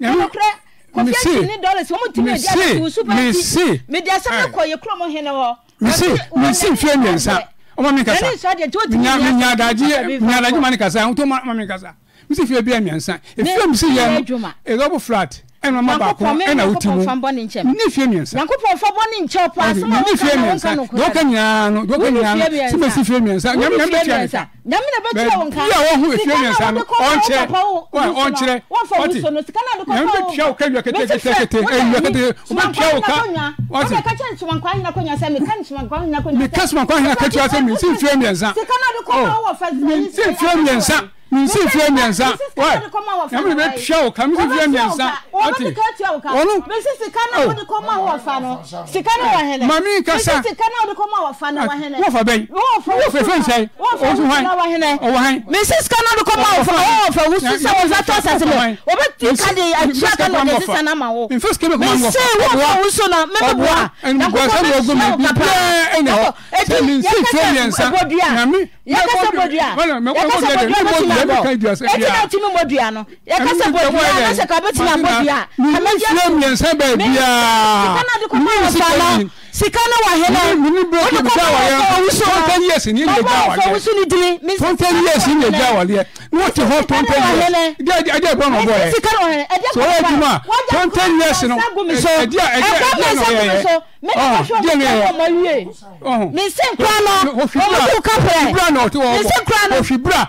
no korɛ kofi ati ni dɔlɛs wɔn ti mi di ati tu super ti mi di asɛm kɔ yɛ kurom hinɛ wɔ. misi misi fie miɛnsa ɔma mi kasa nya nya adagye nya adagye ma ni kasa ahotɔ ma mi kasa misi fie bia miɛnsa efie misi yɛ no egɔbu flat ɛna ma baako ɛna wuti mu ne fie miɛnsa yankopɔn fa bɔ ne nkyɛn pɔ asoma ne fie miɛnsa dɔwɔkɛ nyinaa no dɔwɔkɛ nyinaa no sima si fie miɛnsa nyame nyame bɛ tia nisa nyame bɛ tia wɔn kan bia wɔn ho efie miɛnsa no ɔnkyerɛ ɔnkyerɛ ɔti nyame bɛ tia o ka wia kete kete kete ewia kete o bɛ tia o ka ɔti mi ka sumankwa hinɛ ketewa sɛ mi si fie miɛnsa oh. si fie miɛnsa minsi fiye miɛnsa wai nyamuni bɛ tia o kan minsi fiye miɛnsa ɔti ɔnu minsi sika na o de kɔ ma wɔ fa no sika na wɔ hɛnɛ maami kasa minsi sika na o de kɔ ma wɔ fa na wɔ hɛnɛ wɔfa bɛyi wɔfa fɛn sɛ wɔfa na wɔ hɛnɛ ɔwɔ hɛn minsi sika na o de kɔ ma wɔ fa wɔwɔ fɛ wusu sɛ wɔfa tɔ sase mi o bɛ ti ka de a tia ka na o de sisan na ma wo minsi wɔfa wusu na mɛ bɛ bɔ a na ko ko minsi sɛ o ka pa ɛɛ ɛna hɔ minsi fiye miɛnsa nyami yɛkasa bodua yɛkasa bodua no tumi abɔ eti na tumi bɔ dua no yɛkasa bodua na sɛ ka betumi abɔ dua kama jɛ so mmiɛnsa baabi aa mi sika yi sika na wa wa yɛ wọ́n ti hɔ twenty years ɛdi ɛdi ɛbɛn n'ɔbɔ yɛ so ɔyɛ juma twenty years no ɛdi ɛdi ɛdi n'ɔyɛ yɛ diɛ mi yɛ yɛ mi se nkura nɔ ɔmu tu ka pɛrɛ fibra nɔ ɔti wɔ bɔ ofibra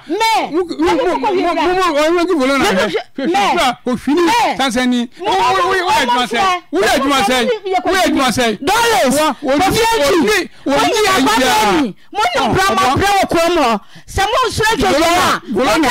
mu mu mu ɔyɛ kí wolo náà yɛ fibra ofini sansani wúyɛ juma sɛ wúyɛ juma sɛ wúyɛ juma sɛ dɔlɛs pɔfiyɛnti wọ́n ní agbábẹ́ẹ̀ni mo ní burama pẹ́wọ̀ kúrọ́mọ̀ sẹ́mu nsúlẹ̀ jọjọ́ wa.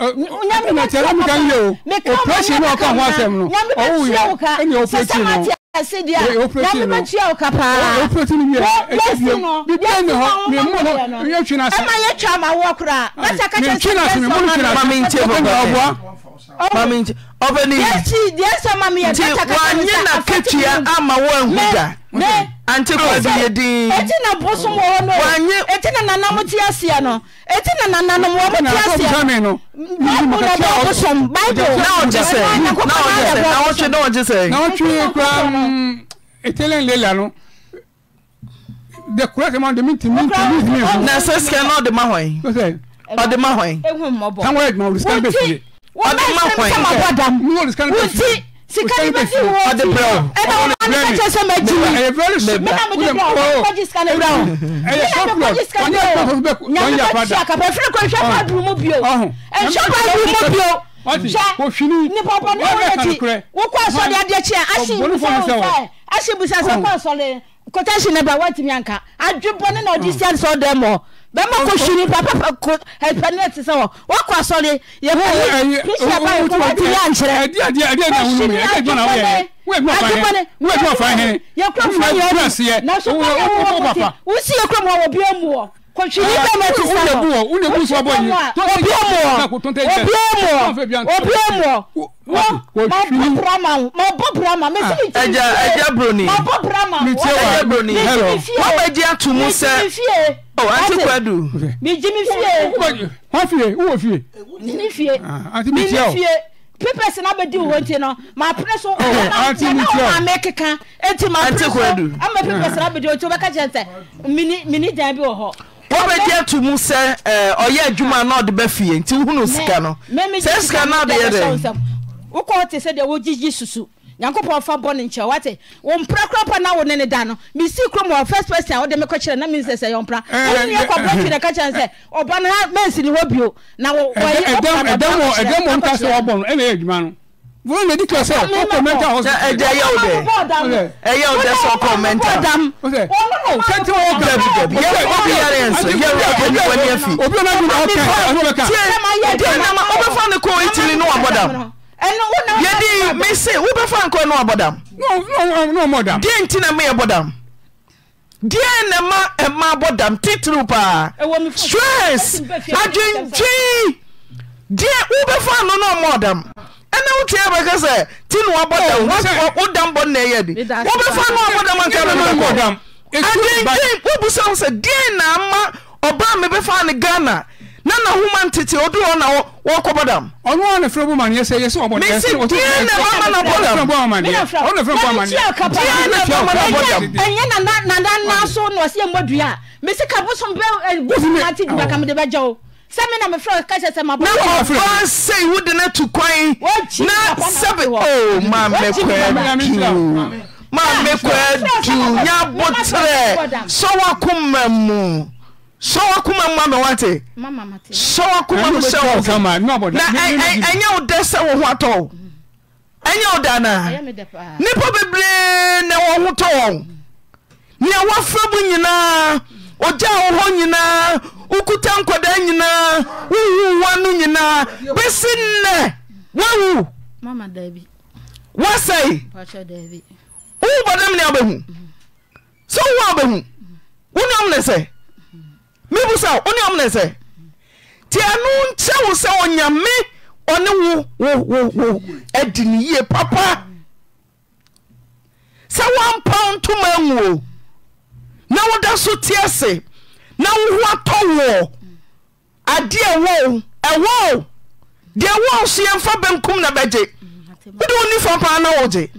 na kyerɛ mu kan yɛ o operation na ɔka ho asɛm no ɔwo yɛ ɛna operation no operation no operation no yɛ ɛkyɛ no bibiɛ ne hɔ mɛ mu hɔ yɛ twi na sɛ ɛma yɛ twa ma wɔ kora mɛ twi na sɛ mɛ mu twi na sɛ mɛ ntɛ bɔ bɔ mami nti ɔbɛ ni nti wanyɛ na ketua ama wɔn ahu da ante kɔ bi yɛ din. eti na bosom wɔ hɔ no. E. eti na nanam ti aseɛ no eti na nananom wɔn ti aseɛ no. baibu na bɛ bosom baibu. na ɔgye sɛ na ɔgye sɛ na ɔtwe na ɔgye sɛ. na ɔtwe kura etele lela no de kura sɛ ma de mi ti mi ti mi ti mi. na sɛ sikɛ na ɔde ma hɔn. ɔde ma hɔn. ehu mɔbɔ. sanwó-ɛ jumɛn bɛ fie. wọ́n bá sẹ́ni sẹ́ma bọ̀ dam sika yi bɛ fi wo ti ɛ bɛ wọn ni kɛkɛ sɛ mɛ ji mi mi na mi di bila o kɔji sikana bila o mi na mi kɔji sikana bila o ɲamu bɛ ti a ka bɛ fɛn ko nsɛm ba duuru mu bi o nsɛm ba duuru mu bi o sɛ ni pɔpɔ ni wɔn ti wo kɔ sɔli adiɛ tiɲɛ asi busa o fɛ asi busa sɛ kɔ sɔli kɔtɛsi ne ba waati mi yan kan a ju bɔ ne na o di sɛ sɔ dɛ mɔ bẹẹma ko suni papa ko ẹpẹni ti sẹ wọ wọn kọ asọri yẹpẹ kristi abayi kọ wọn ti yà nkyerẹ ẹdi adi adi ẹdi awon mu yẹ ẹdi ẹdi awon yẹ wúwẹ̀ gbọ́n fa yẹn yẹkura fún yẹn wúwẹ̀ sí yẹ wúwẹ̀ wúwẹ̀ papa wúsi yẹkura mu ọwọ́ bí ẹ mu ọ kòtùnú bẹ́ẹ̀ mẹ ti sá lọ wúni bú sọ bọ yìí obi ẹ mu ọ obi ẹ mu ọ obi ẹ mu ọ wọ́n mọ bọ́ burama mọ bọ́ burama mẹ sí mi ti fi yé ẹjẹ broni mọ bọ burama ẹjẹ broni wọ́n bẹ jẹ́ àtúmú sẹ́ o ati kwadu. mi ji mi fie. wa fie wo fie. mi ni fie. ati ah, mi fie o. pepes na bɛ di wo nti no maa pene so ɛna wɔn ame keka eti maa pene so ama pepes na bɛ di wo nti o bɛ ka kyerɛ sɛ mini mini dan bi wɔ hɔ. wọ́n bɛ di ẹtu mu sɛ ɛɛ ɔyɛ adwuma náà ɔde bɛ fie nti hunu sika no sɛ sika náà de yɛ dɛ. wokɔ te sɛ deɛ wogyigyi susu nyankopɔn fa bɔ ne nkyɛn wate wɔmpra korapɔ na wo ne ne da no mesi kurom wɔ first person a wode me kɔkyerɛ na mensɛ sɛ yɔmpra ɔne ne yɛkɔbrɔ twi na ka kyerɛ sɛ ɔba no ha mansi ne hɔ bio na ɛdɛm wɔ nka sɛ wɔbɔ no ɛna ɛyɛ adwuma no wọ́n lè di kí ọ̀sẹ̀ ọkọ̀ mẹ́ta ọ̀sẹ̀. ẹ jẹ ẹyẹ ọdẹ ẹyẹ ọdẹ sọ ọkọ̀ mẹ́ta. sẹ́ńtì wọn kà bí bẹ̀bí. yẹ kó bí yàrá yẹn sọ yẹ wúlò àbọ̀ nípa ní ẹ̀fì. òbí ọ̀nà ìgbìmọ̀ ọ̀kẹ́ ọ̀nà ọ̀kẹ́. tiẹ̀ ọ̀bẹ fani kò ìtìrì ní wà bọ̀dà. mese wobɛfa nknabɔdam deɛ ntina myɛbɔdam deɛ na ma eh, ma bɔdam titiriw paa stress adwene ɛ wobɛfa no no mɔdam ɛne woteɛ bɛkɛ sɛ ti newabɔdamwodam oh, bɔnɛyɛde wobɛfa ndam wob sow sɛ dɛ na ma ɔbra mebɛfa no ghana nana homa ntete odɔnɔkɔ bɔdamfsɛ hodene to oh, kɔ mɛkɔ a yaboterɛ sɛ wa komamu syɛw kma mmtsɛwma ɛnyɛ wodɛ sɛ wo ho atɔ mm. ɛnyɛ woda noanip bebree na wɔ hotɔ wɔ nea wofɛ mu nyinaa ɔgya wo hɔ nyinaa wokuta nkda nyinaa wohuwa no nyinaa bɛsi nnɛ wowɛwow mm. amnewbhɛww mebu sɛ wo ne ɔmne sɛ nti ɛno nkyɛ wo sɛ ɔnyame ɔne wo wo adi ne yie papa sɛ woampaw ntoma awuo na woda so teɛ se na woho atɔ woɔ adeɛ wo ɛwɔo deɛ wo so yɛmfa bɛnkum na bɛgye wode wo nifa paa na wogye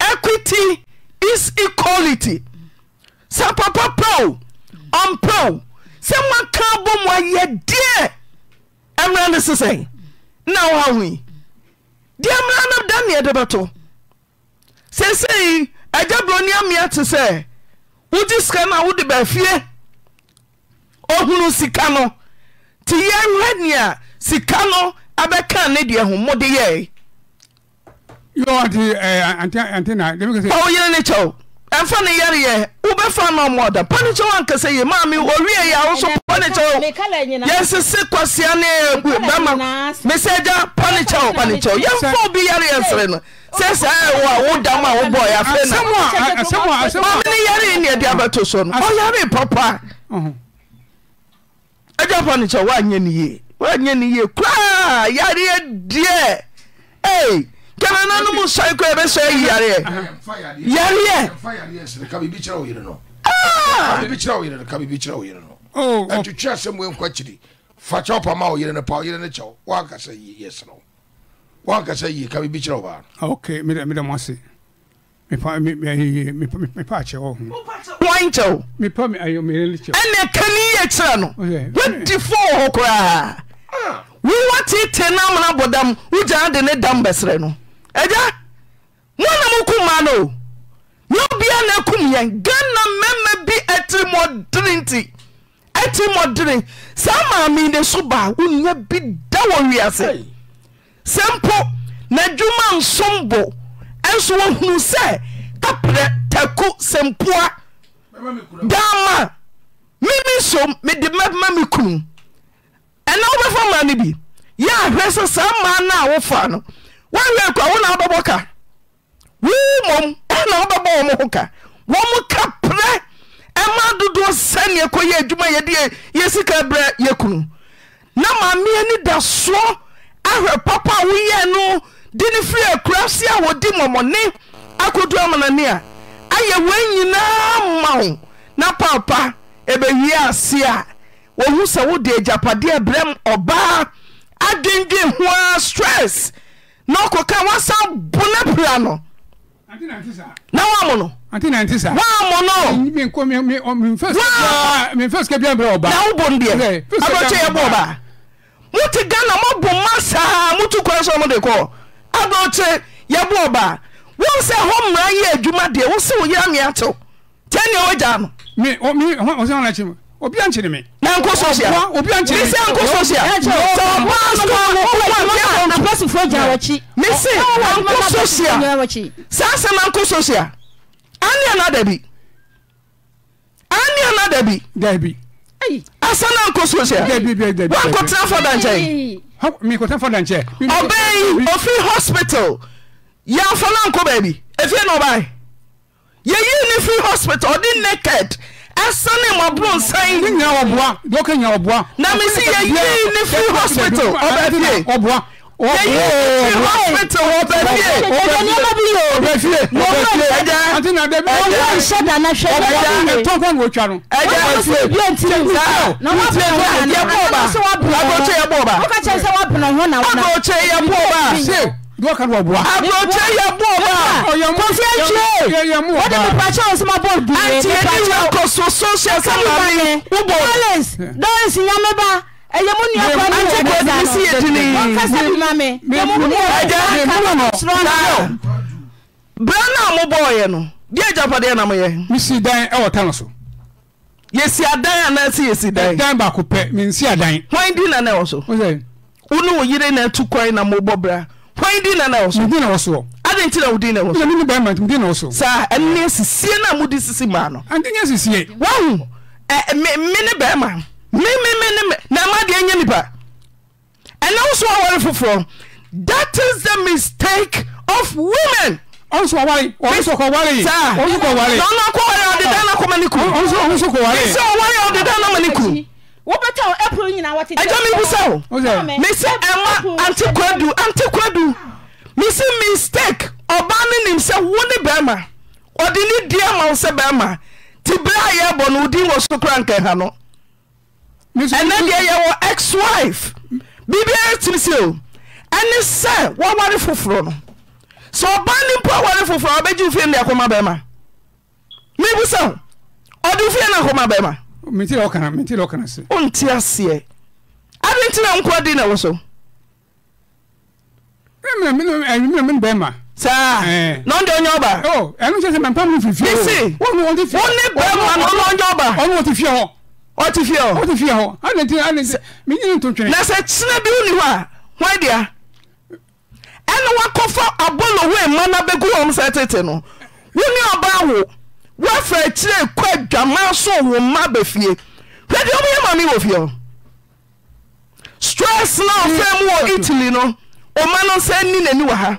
equity is equality sɛ papa pɛo ɔmpɛw sɛ moaka bɔ mu ayɛ deɛ ɛmera no se sɛe na wohaho yi deɛ mmera no da neɛ de bɛto seesei agya borɔni amea te sɛ wogye sika no a wode baafie ɔhunu sika no nti yɛhwɛ nea sika no abɛka ne deɛ ho mode yɛe yɛde eh, ɔyere ne kyɛw ɛmfa no yareyɛ wobɛfa no ɔmɔda pɔnekyɛ woankasɛ ye maame owie yɛ wo so pɔnekyɛ yɛsese kɔsea ne bɛma mesɛ gya pɔnekyɛ wo pɔnekyɛ wo yɛmfa obi yareyɛ nsere no sɛ saa ɛwɔ a wodam a wobɔɔyɛ afei namaame ne yaree ne ade abɛto so no ɔyare papa agya pɔnekyɛ woanyɛ ne yie woanyɛ ne yie koraa yareɛ deɛ tẹnɛ nanu mu sɔn ikɔ ebe sɔn eyi yareɛ yareɛ. kabi bi kyerɛ o yɛrɛ nɔ. kabi bi kyerɛ o yɛrɛ nɔ kabi bi kyerɛ o yɛrɛ nɔ. ɛtutu asɛmu yɛ nkɔ kyiri fakyɛw pama o yɛrɛ ne pa o yɛrɛ ne kyɛw wa kasa yi yɛ sɛnɛ o wa kasa yi kabi bi kyerɛ o ba. ok mi dɛ mi dɛ mo ase mipa mi mi mi mipa akyɛ wɔ ho. wɔn kyɛ o. mipa mi ayo mi yɛrɛ kyɛ o. ɛnna kani yɛ kyerɛ no wɔdi fo wɔ hɔ koraa wíwá tètè náà mìíràn bọ̀ dam wújà á di ne dam bẹ̀sẹ̀rẹ̀ nù. No agya monam ko ma no yɛ obia na akum yɛn ghana mɛma bi atiri mɔdere nti atiri mɔdere saa maame ne so baa wonya bi da wɔ wiase sɛ mpo n'adwuma nsom bo ɛnso wohunu sɛ taprɛ tako sɛmpoa daama mimi so mede mɛma me kunu ɛna wobɛfa maa no bi yɛ ahwɛ sɛ saa maa no a wofa no woawerɛ koa wo na wobɛbɔ ka na ka wɔ ka prɛ ɛma dodoɔ sɛneɛ kɔyɛ adwuma yɛde yɛsika berɛ yɛkunu na maamea ni da soɔ ahwɛ papa a firi a a ayɛ wɔn nyinaa ma wo na paapa ahụ ase a wɔhu sɛ wode agyapadeɛ brɛm ɔbaa adwendwen ho stress na ɔkɔka woasan bona pra no na woamo no woamo nona wobom deɛ abrɛkyɛ yɛbɔɔ baa mote ghana mobo ma saa motu kwan sɛ mode kɔɔ abrɛkyɛ yɛbɔɔ baa wohu sɛ hɔ mmara yɛ adwuma deɛ wo sɛ wo yera nneatew tɛ nea wogyaa no obi a nkyene me na nkɔ sɔsia obi a nkyene me sɛ nkɔ sɔsia sɛ ɔba asɔmɔ ɔba apɔsifoɔ gya wɔkyi me se nkɔ sɔsia saa sɛm nkɔ sɔsia anea na dabi anea na dabi dabi asana nkɔ sɔsia dabi dabi dabi wankɔtena fɔ dankyɛn mikɔtena fɔ dankyɛn ɔbɛn ofi hospital yɛn afɔ na nkɔ baabi efie na ɔbaa yɛyi ni free hospital ɔdi naked ɛsane mɔboro nsan ne nyina wɔboa dɔka nya wɔboa na mesi yɛyii ne fri hospital ɔbɛfie ɔboa ɛyɛbɔba dɔw ka wa bɔ. a bɔ cɛ yɛ bɔ ba. kɔfi ye tiɲɛ ye o de bɛ pàṣẹ o suma bɔ du ye. a ti ni wa ko so social salary u bɔ. alex dɔw si yamɛba ɛyɛ mu nua kɔ ni o bɛ da si ye tini. o kasa bi ma mɛ. ɛyɛ mu nua kɔ ni o bɛ da bẹ́ẹ̀ náà mo bọ̀ ọ̀yẹ́ no díẹ̀ japadeɛ na mo yɛ. mi si dan ɛwɔ tan so. yesi adan anaasi yesi dan. dan baako pɛ mi n si adan. wɔn di nana ɛwɔ so. wọ́n sɛ. wọ́n ní wọ́n yire na ɛtu kwan na mo bɔ bra kwan din na na wɔ so. din na wɔ so. adi nti na o din na wɔ so. ɛna mi bɛrima nti din na wɔ so. saa ɛni yɛ sisie na mo di sisi maa no. anti n yɛ sisie. wɔn ɛ mi mi ni bɛrima mi mi mi ni na ma deɛ nye nipa ɛna wosɔ awɔre foforɔ that is the mistake of women. ɔnso awari ɔnso kɔ wari yi ɔnso kɔ wari yi. saa ɔnso kɔ wari ɔdeda na kɔma ne ku. ɔnso ɔnso wari yi. ɛsɛ ɔwari na ma ne ku wobɛtɛ wo apple nyinaa wɔte ɛgya mebusa wo mese ɛma antekwadu antekwadu mese mistake ɔbaa no nim sɛ wo ne bɛrima ɔde ne diɛ ma wo sɛ bɛrima nti berɛ a yɛbɔ no wodin wɔ so kora nkɛha no ɛnɛ deɛ yɛwɔ ex wife biribiara tiri sɛ o ɛne sɛ wɔware foforɔ no sɛ ɔbaa ne mpo aware foforɔ a wɔbɛgye wo fie no de akɔma bɛrima mebusa wo ɔde wo fie no akɔma bɛrima wonte aseɛ ade nti na nkoa di na wo so saa na na ɔno ɔnyɛ ɔba ɔte fie hɔ na sɛ kyena bi woni hɔ a hwan dea ɛne woakɔfa abɔlɔ hɔ ma na bɛgu sɛ tete no ɔba wo woafrɛ akyirɛ kɔ adwama so wo mma ba fie hwɛ deɛ ɔmyɛ ma me wɔ fie stress na ɔfrɛ mu wɔ italy no ɔma no nsa ni n'ani wɔ ha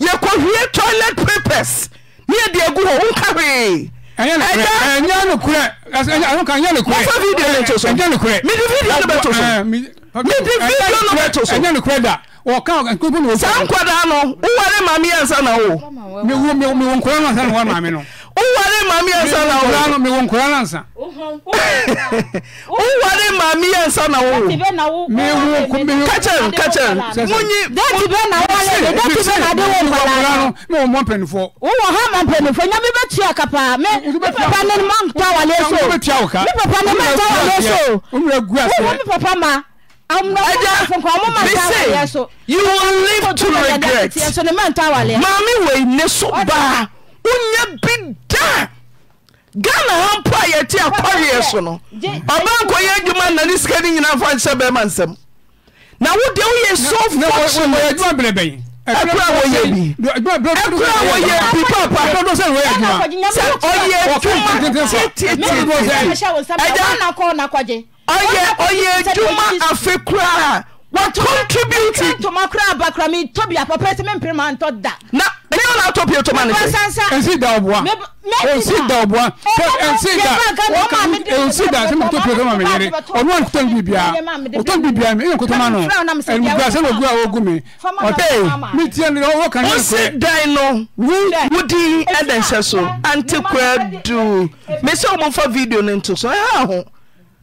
yɛkɔhwie toilet papers ne yɛde agu hɔ wonka hwee saa nkwadaa no woware ma meyɛnsa na wo swa mamansa naema paniemam weneso ba wonya bi daa ghana ha mpo a yɛte akɔreɛ so no ɔbɛnkɔyɛ adwuma nna ne sika ne nyinaa fa nhyɛ bɛrima nsɛm na wodeɛ woyɛ so fortunate ɛkura wɔyɛ bi ɛkura wɔyɛ bi papa sɛ ɔyɛ adwuma ɛgya ɔyɛ adwuma afe koraa what contributing. ntoma kura abakura mi tobi apapa ẹsẹ mi mpiri ma n tọ da. na ẹni wọn n'atọ pie tó ma ne sẹ. nsi da ọbua nsi da ọbua nsi da wọka nsi da sẹ mi tó pie tó ma mi yẹrẹ ọdún wọn tó n bi bia o tó n bi bia mi ìyẹn kó tó ma nù ẹnugba sẹ wọ́n gu a wọ́n gu mi ọ̀tẹ́ mi tiẹ̀ ni ọwọ́ kan yẹn kọ́. nsi dan no wudi ẹ̀dẹ̀ nsẹ̀ so antikura dùn mi sẹ́ ọmọ fọ́ fídíò ni ntòsọ́ ẹ̀ hà hó.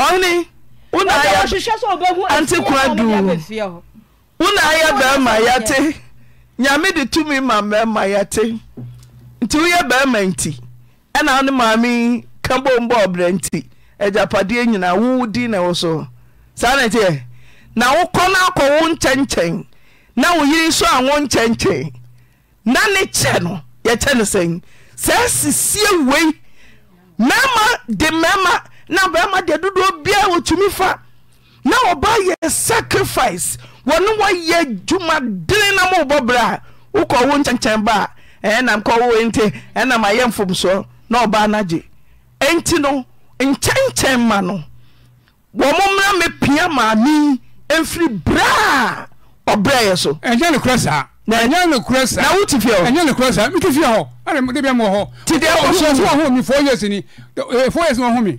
ɔne wonayɛ bɛrima yɛte nyame de tumi ma bɛrima yɛte nti woyɛ bɛrima nti ɛna wone maame ka bombɔ ɔbrɛ nti agyapadeɛ wowo di na wo so saa ne tiɛ na wokɔ no akɔ wo na wo yere so a wo na ne kyɛ no yɛkyɛ no sɛn saa sisie wei de na barima deɛ dodoɔ biara wɔtumi fa na wɔba yɛ sacrifice wɔne wɔyɛ dwumadene na mo berɛ a wokɔ wo nkyɛnkyɛn ba a ɛnam kɔ wo nti ɛnam ayɛ mfomsoɔ na ɔbaa no agye enti no nkyɛnkyɛn ma no wɔ mommra mepia maame mfiri berɛ a ɔbrɛeɛ so ɛnyɛ nokorɛ saa ɛnyɛ nokorɛ saa na wote fie hɔ ɛnyɛ nokorɛ saa mete fie hɔ ɛne mede bɛmɔ hɔ nti deɛ ɔsoɔ so wɔ ho four years ni four years ni wɔ ho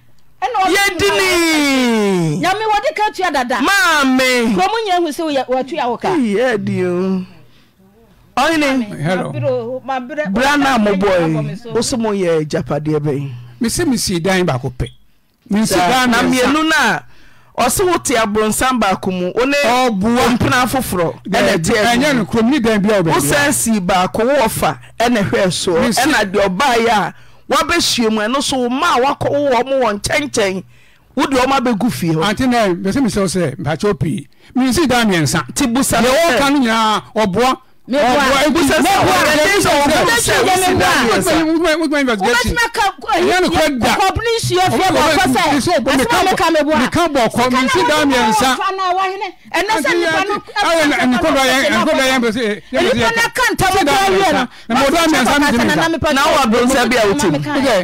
yɛdini nyame wɔde ka tua dada maame kurom nya hu sɛ watua wo ka yɛdio ɔhene bra na mɔbɔe wo so mo yɛ bɛn mesɛ mesii dan baako pɛ mensi dan na mmienu no a ɔse wo te aborɔnsan baako mu wo ne ɔmpena foforɔ ɛna teɛ wo sɛ sii baako wowɔ fa ɛna hwɛ soɔ ɛna deɛ ɔbaeɛ a woabɛhyie mu ɛno so wo maa woakɔ wowɔ mo wɔ nkyɛnkyɛn wode ɔma bɛgu fie hɔ ante nɛ bɛsɛ mesɛ sɛ mpakyɛ pii mensi da mmiɛnsa nti busa yɛwɔka no nyinaa ɔboa daeka boko mese damisaa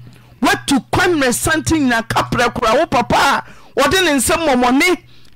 watu kwa mmerɛsanti nyina kaprɛ kora wo papa a wɔde ne nsɛ mmɔmɔne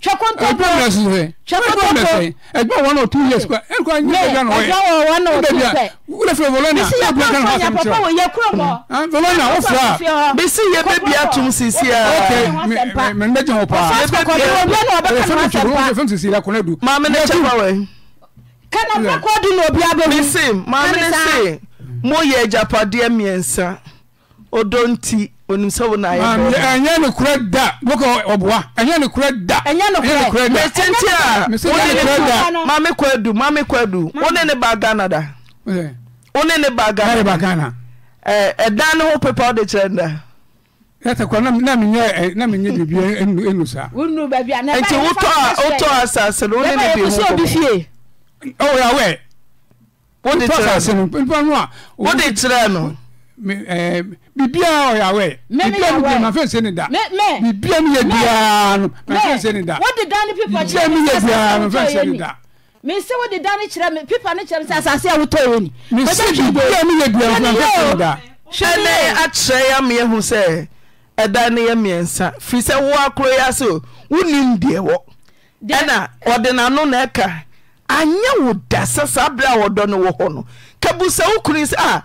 ɛgbɛ one or two years kɔ ɛnkɔ nye bɛ gan wɔye ɛgbɛ one or two years. wúlò fún volonia bisi yɛ kúrò fún yà papa wò yɛ kúrò mɔ volonia o fura bisi yɛ bɛ atum sisi yɛ ok mɛ n bɛ jɛn o pa yɛ bɛ bi ɛ fɛn sisi la kɔnɛ du maame ne cɛ fa kana fɛ kɔ di n'obi abɛ mu maame ne se mo yɛ japadeɛ miɛnsa o ɛnyɛ nokora da boa ɛyɛ nokora daɛntiamamekɔadu wone ne ba ghana da eh. wone ne ba ghana ɛdan ne ho pepa wode kyerɛ nda na menyɛ biribia ɛnu saanti wotɔ asase o wone ne bi oh, wode kyerɛ no Eh, bibia ɔyɛ awɛ bibia mi yɛ mafe se da bibia mi yɛ biara no mafe se da bibia mi yɛ biara mafe se ne da. mese wode da no kyerɛ me pipa no kyerɛ me sɛ asase a wotɔ wɔ ni mese bibia mi yɛ biara mafe se ne da. hwɛ ne akyerɛ yɛ ameɛ ho sɛ ɛda no yɛ mmiɛnsa firi sɛ wo akoro yɛ ase o wonim deɛ wɔ ɛna ɔde n'ano na ɛka anyɛ wo da sɛ saa wɔdɔ no wɔ hɔ no kabusa wo kunu sɛ a ah,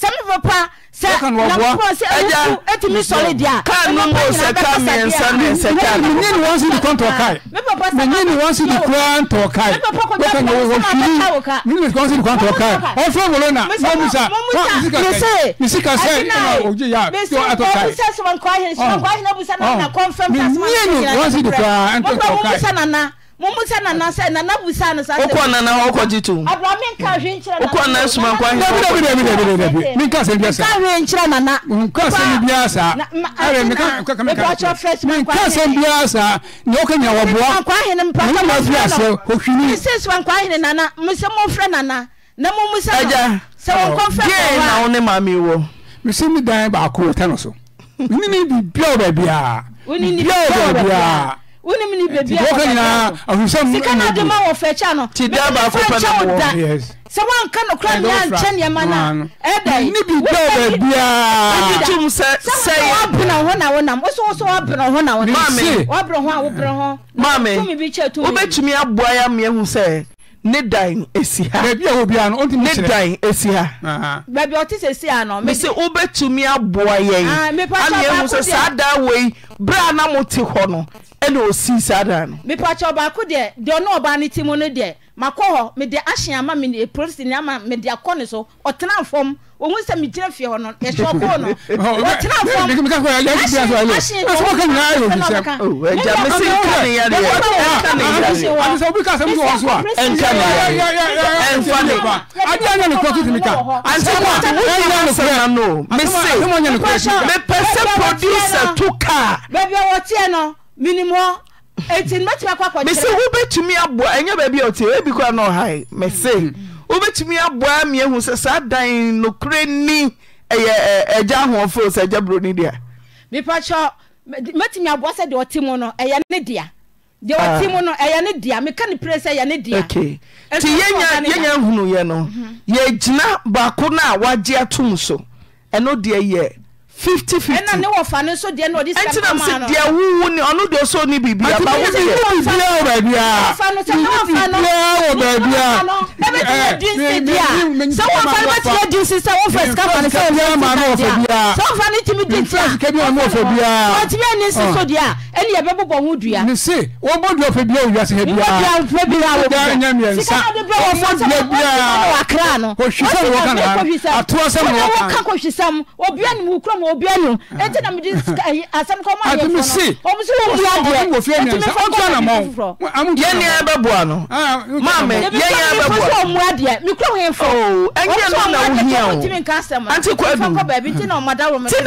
sɛ me papa sɛtumi sɔre deɛ menyini wansi di kura ntɔ kae wokan wo wo fili menyini wansi di kura ntɔ kae ɔfɛ wolo na mo musa mi sika sɛ o ji ya yɔ atɔ kae menyini wansi di kura ntɔ kae. asɛea sɛm bia sa ne aya aɛ ne ma mese meda bakooenso nene bia ɛti dabakopa ne bidɔbabiatutum ɛsɛmamewobɛtumi aboa ɛ amea hu sɛ ne dan esi ha. beebi a obi ano o ti mi kyerɛ ne dan esi ha. beebi ɔti sɛ si ano. mi sɛ wobɛtumi aboa yɛn. Ah, mi pàṣẹ baako deɛ ami ehu sɛ saa dan wo yi bere a ti hɔ no ɛna osi saa dan no. mi baako deɛ deɛ ɔno ɔbaa ne ti mu no deɛ. makɔ hɔ mede ace ama prodene ma mede kɔne so ɔtena fɔm ɔu sɛ megina fiɛ ɔɛɛsɛ p aɛ nɔnɔ umisɛ wobɛtumi aboa ɛnyɛ baabi a ɔti abi koa na ɔhae mɛsɛ mm-hmm. wobɛtumi aboaa mmiahu sɛ saa dan nokora ni agya ahomforɔ sɛ agya burɔni deati yɛnya hunueɛ no mhm. yɛgyina baako no a woagye atom so ɛno deɛ yɛ fifty fifty. ɛna ne wɔ fa ne nso deɛ na ɔde sika kama ano. ɛntina sɛ deɛ wuwu ni ɔno deɛ so ni bibi aba wo deɛ. ati bibi wɔ baabi a bibi wɔ baabi a ɛɛ sɛ wɔn fa ne bɛ tiɲɛ di nsi sɛ wɔn fɛ sika fa ne sɛ wɔn fɛ sika di a sɛ wɔn fa ne timi di nsia wɔn timi ɛni nsi so di a ɛni yɛ bɛ bɔbɔ ŋu dua. nse wɔn bɔ dua fɛ bi a o wiase hɛ bi a wɔn bɔ dua fɛ bi a o wɔ obi anim ah. eti na mi di asɛm kɔn mu ayɛ fɔ no ɔmu si wɔn di adiɛ eti mi fɔ kɔn mu ayɛ yɛn ni ɛbɛ bua no ah, maame yɛn ni ɛbɛ bua ebi sɛ ɔmu adiɛ mi kura wɔn fɔ ɛnyɛ no na wo hia o anti kɔ edu ti na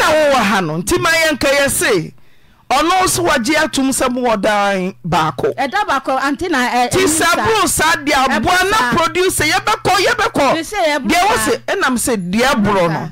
wo wɔ ha no nti ma yɛn ka yɛ se ɔno nso wagye atum sɛ mowɔ dan baako ɛda baako ante na ɛ ti sɛ buru saa deɛ aboa na producer yɛbɛkɔ yɛbɛkɔ deɛ wɔ se ɛnam sɛ deɛ borɔ no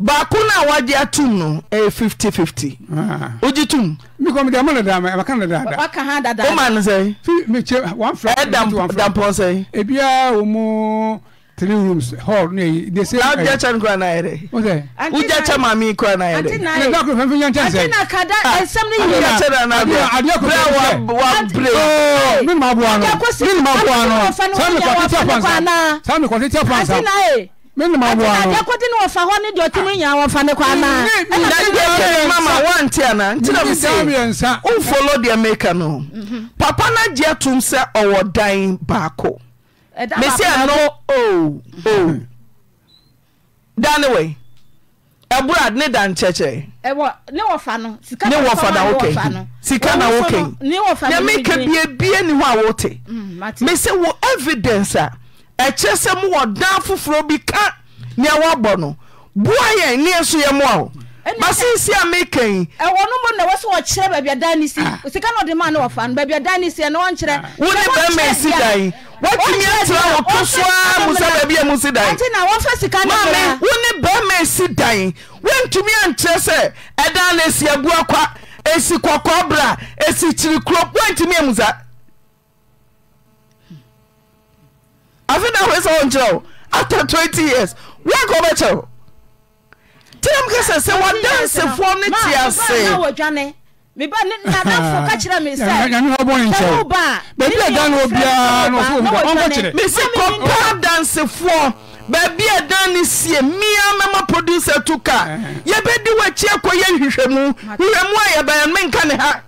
baako no a wagye atom no ɛyɛ 5050 wogye tomwoma no sɛdampɔn sɛ ebiaa wɔ mu three rooms hall ne yi de se. n'aw jẹ cẹ nkura n'a yɛrɛ. o tɛ. u jẹ maa mi kura n'a yɛrɛ. ti n'a ye ti na fɛn fɛn yan sɛ. na ka da ɛsɛm ni yiri. na cɛ nana bɛ wa min ma bɔ a nɔ min ma bɔ a nɔ sanni sanni A ti n'a ye. menemawoadeɛkɔde ne wɔfa hɔ ne deɛ ɔtumi nya wɔfa ne kwaanamɛnsa wofolo deɛ meka no mhm. papa no gye atom sɛ ɔwɔ dan baako mɛsɛ no oh, oh. da ne wei ɛborad ne da nkyɛkyɛne sika na woke na meka biabie ni hɔ a wote mm, mesɛ wo evidence a ɛkyerɛ sɛ muwɔ dan foforɔ bi ka neɛ wobɔ no boa yɛn neɛnso eɛ mo ao ba sensie a meka ah. ah. wo ne baima si dan wontumi ntrɛ woko soaa mmu sa baabi a m si dan wo ne barima si dan wontumi ankyerɛ sɛ ɛdan na si abua kwa ɛsi kɔkɔ bra ɛsi kyiri korom wntumi amu sa afeidɛ hwei sɛ wo nkyerɛ wo after 20 years woka wobɛkyɛwo tirɛm ka sɛ sɛ wodansefoɔ no te asemese kɔpaa dansefoɔ baabi a dan ne sie mmiana ma produser to ka yɛbɛdi woakyiɛkɔyɛ hwehwɛmu hwehwɛmu ayɛbayanomenka ne ha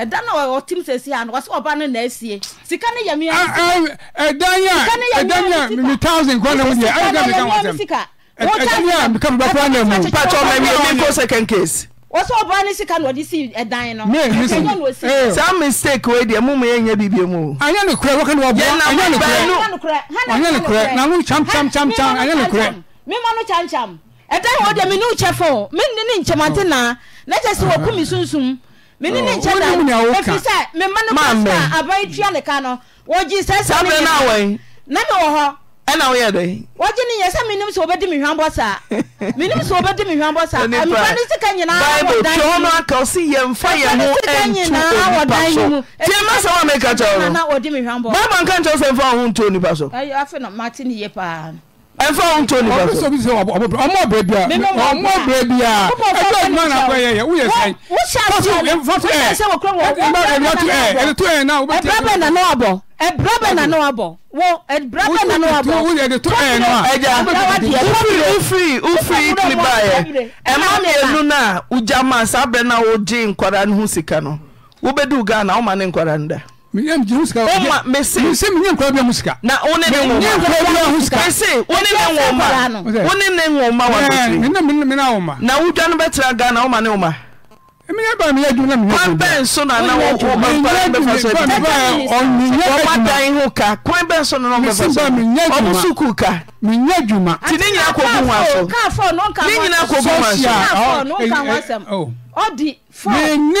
ɛdan na ɔtim sɛ si ano wɔsi ɔba no na esie sika ne yɛmi ɛmi ɛdan a ɛdan a mi thousand kwan na mo yɛ ɛmi ka mi ka mo sɛm ɛdan a mi ka mi ba kwan na mo. pàtó mɛ mi mi kó second case. wɔsi ɔba ne sika na ɔde si na, no. mi mi sɛ saa mistake wei deɛ mo mo yɛ nyɛ bibi mu. anya ni kurɛ wɔkɛ ne wɔ bɔ anya ne kurɛ anya ne kurɛ na mo cham cham cham cham, anya ni kurɛ. mi ma cham cham, kyam ɛdan wɔ deɛ mi ni o kyɛ fɔ mi ni ne nkyɛn mene ne nkyɛ da ɛfiri sɛ mema no kɔsa aban tua ne ka no wɔgye sɛ sɛ mene na wɔn na me wɔ hɔ ɛna woyɛ dɛ wɔgye ne yɛ sɛ menim sɛ wɔbɛdi me hwambɔ saa menim sɛ wɔbɛdi me hwambɔ saa mpa no sika nyinaa wɔ dan yi mu aka ɔsi yɛmfa yɛ ho ɛntu onipa so tie ma sɛ wɔmeka kyɛ wo no na wɔdi me hwambɔ bible nka nkyɛ sɛ mfa wo ho ntu onipa so afe no mate ne yie paa no ɛnfa wo ntɔ nipa so. ɔmɔ ɔbɛ bia ɔmɔ ɔbɛ bia ɛdi ɔmɔ na kɔ yɛ yɛ wuyɛ sɛn. wusi ase ɛ fatu ɛ ɛdi tu ɛ ɛdi tu ɛ na. ɛbɛrɛ bɛ nana wa bɔ ɛbɛrɛ bɛ nana wa bɔ wɔ ɛbɛrɛ bɛ nana wa bɔ. wusi ɛdi tu ɛ nɔ a. ɛja ufiri ufiri ufiri kiliba yɛ ɛma mienu na ujama sábɛ na o di nkɔda ni ho sika no wobɛdu ghana ɔma ne nkɔda ni da mìyàn jẹ musika. o ma mese. mese mi nye nkura bi musika. na o ne ne ŋun ma nye nkura bi musika. mese o ne ne ŋun ma o ne ne ŋun ma wa bɛtiri. mi na mi na ŋun ma. na wudwa ni bɛ tira Ghana o ma ne ŋun ma. mi yɛ ba mi yɛ jumɛn mi yɛ jumɛn. kwan bɛn so na na o o bɛ fara bɛ fa so ni mi yɛ juma o ma da ihu ka kwan bɛn so na na o bɛ fa so ɛdi. o musu k'u ka. mi yɛ juma. ti ne nyina ko gun wa so. ne nyina ko gun wa so mene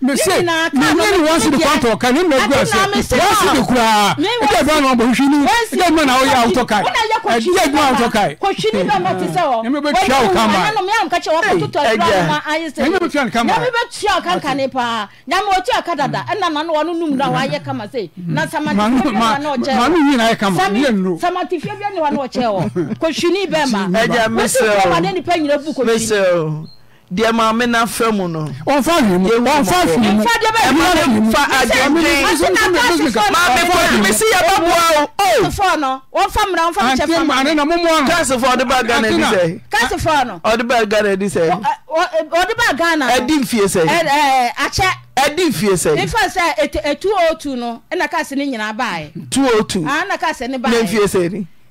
mese mene ni wɔn si de kwan tɔ kan ne mɛ gba se wɔn si de kura e de bɛn na ɔbɔ nhwi ni e de bɛn na ɔyɛ awutɔ ka ye e de bɛn awutɔ ka ye. kɔsi ni bɛ ma ti sɛ wɔ wɔyi wɔyi wɔyi anamu yamu kakyɛ wɔn kɔtɔ tɔ ɛdura ma ayi sɛ ɛnyɛ bɛ tia nkan ma ɛnyɛ bɛ tia kan kan ne paa nyamu o tia ka dada ɛna nanu wɔn num na wɔn ayɛ kama se mm. na samati fiye bi wɔn ɔkyɛ wɔ samati fiye bi wɔn ɔkyɛ wɔ kɔsi ni bɛ ma wɔsi wɔn ne nipa nyina bu kɔsi deɛ maame na fɛ mu no. ɔnfa yi mu ɔnfa fi mu ɛma ne fa adwendwen maame kɔdu mi si yɛ bɛ bua o. kɛsifɔ no ɔnfa mu na ɔnfa mi kyɛ fɔ mu. ante na mumu ano. kɛsifɔ ɔde ba Ghana di sɛ. kɛsifɔ no. ɔde ba Ghana di sɛ. ɔde ba Ghana. ɛdi nfie sɛ. ɛɛ akyɛ. ɛdi nfie sɛ. nfa sɛ etu o tu no ɛna kaasi ne nyinaa baa yɛ. tu o tu. ɛna kaasi ne baa yɛ. ne nfie sɛ ni.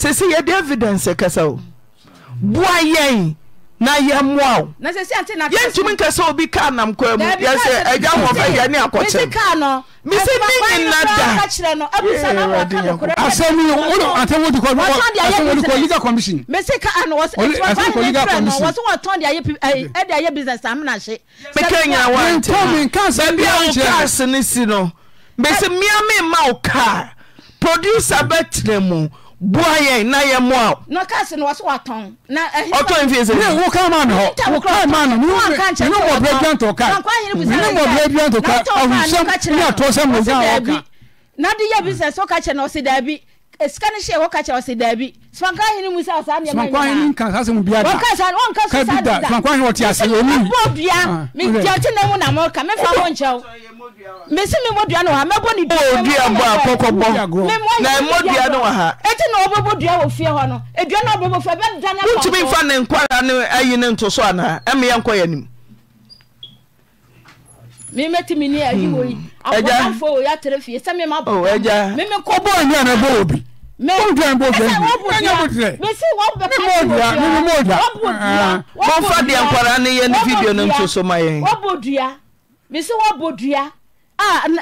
sɛi sɛ yɛde evidense kɛsa o boa yɛn na yɛmmoawo yɛntumi kɛsɛ obi kar nam kora mu yɛsɛ agya ho fa yɛ ne akɔyɛmsnii na daenyaia wo ka se no si no s mea memma wo kar produsar bɛtera mu boa yɛn na yɛ mmoa ɔtɔ mfie sɛ wo ka ma no hɔ wo ka ma no mene mmɔbrɛ bia ntɔ ka mene mmɔbrɛ bia ntɔ ka ahusɛm ne atɔ sɛ mmɔgya a wɔka na yɛ bi sɛ so ka kyɛ na ɔse daabi sika no hyɛ wɔka kyɛ wɔ sɛ daabi somanka hene mu sɛ na ah, mu na mɔka mefa ho nkyɛw mesi memmɔdua no wɔ ha mɛbɔ ne duamɔdua no wɔ ha ɛti na wɔbɛbɔ dua wɔ fie hɔ no adua no wɔbɛbɔ fie bɛdane wontumi mfa ne nkwara no ayi ne nto nkɔ memɛti meniyi a eɔɔnɔɔbɔmfa dea nkwara ne yɛno video no ntoso ma yɛms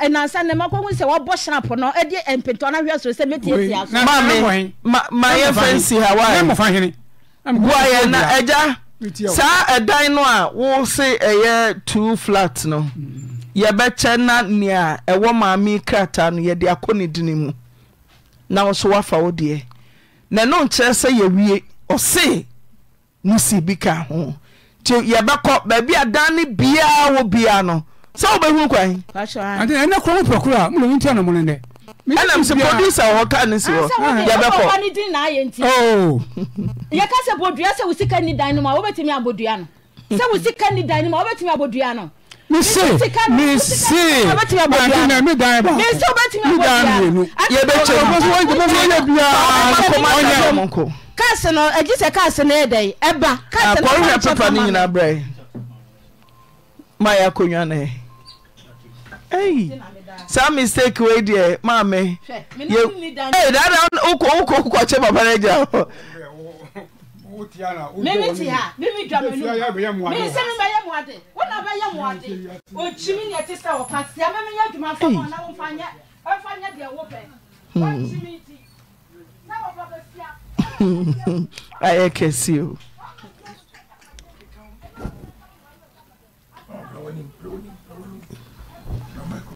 wbɔdanasasɛ wbɔ senapno mptɔnhɛ sosɛ mɛtamayɛfansi haɛa saa ɛdan no a wo ɛyɛ two flat no yɛbɛkyɛ na nea ɛwɔ maame krataa no yɛde akɔ ne mu na wo so woafa deɛ na ɛno nkyerɛ sɛ yɛwie ɔse no si bi ka ho nti yɛbɛkɔ baabi a dan no wɔ no ɛna msi producer wɔ kaa ne si hɔ ah, yɛbɛkɔ oh. yɛka sɛ bodua sɛ wo sika ni dan no mu a wobɛtumi abodua no sɛ wo sika ni dan no mu a wobɛtumi abodua no mese mese madina mi dan ba mi dan mienu yɛbɛkyɛ mɔfɔ wɔn ti mɔfɔ yɛ biara ɔnyɛ kaasi no ɛgye sɛ kaasi no yɛ dɛ ɛba kaasi ah, no ɛba kyɛ fama akɔrɔ yɛ pepa ne nyinaa brɛ maa yɛ akonnwa ne ɛyi saa mistake wei deɛ maame ye dada ukɔ ukɔ ukɔ kye papa ne gya hɔ. mímí ti ha mímí dwa mi nu mímí sẹ́mi bẹ yẹ mu adi wọ́n náà bẹ yẹ mi ni ti sẹ́ wọ́n pa sí ẹ mímí yẹ dwuma fún wọn náà wọ́n fa nyẹ wọ́n fa nyẹ diẹ wọ́n pẹ̀ wọ́n jì mí ti náà wọ́n bá bẹ fi a. ayé kẹsí o.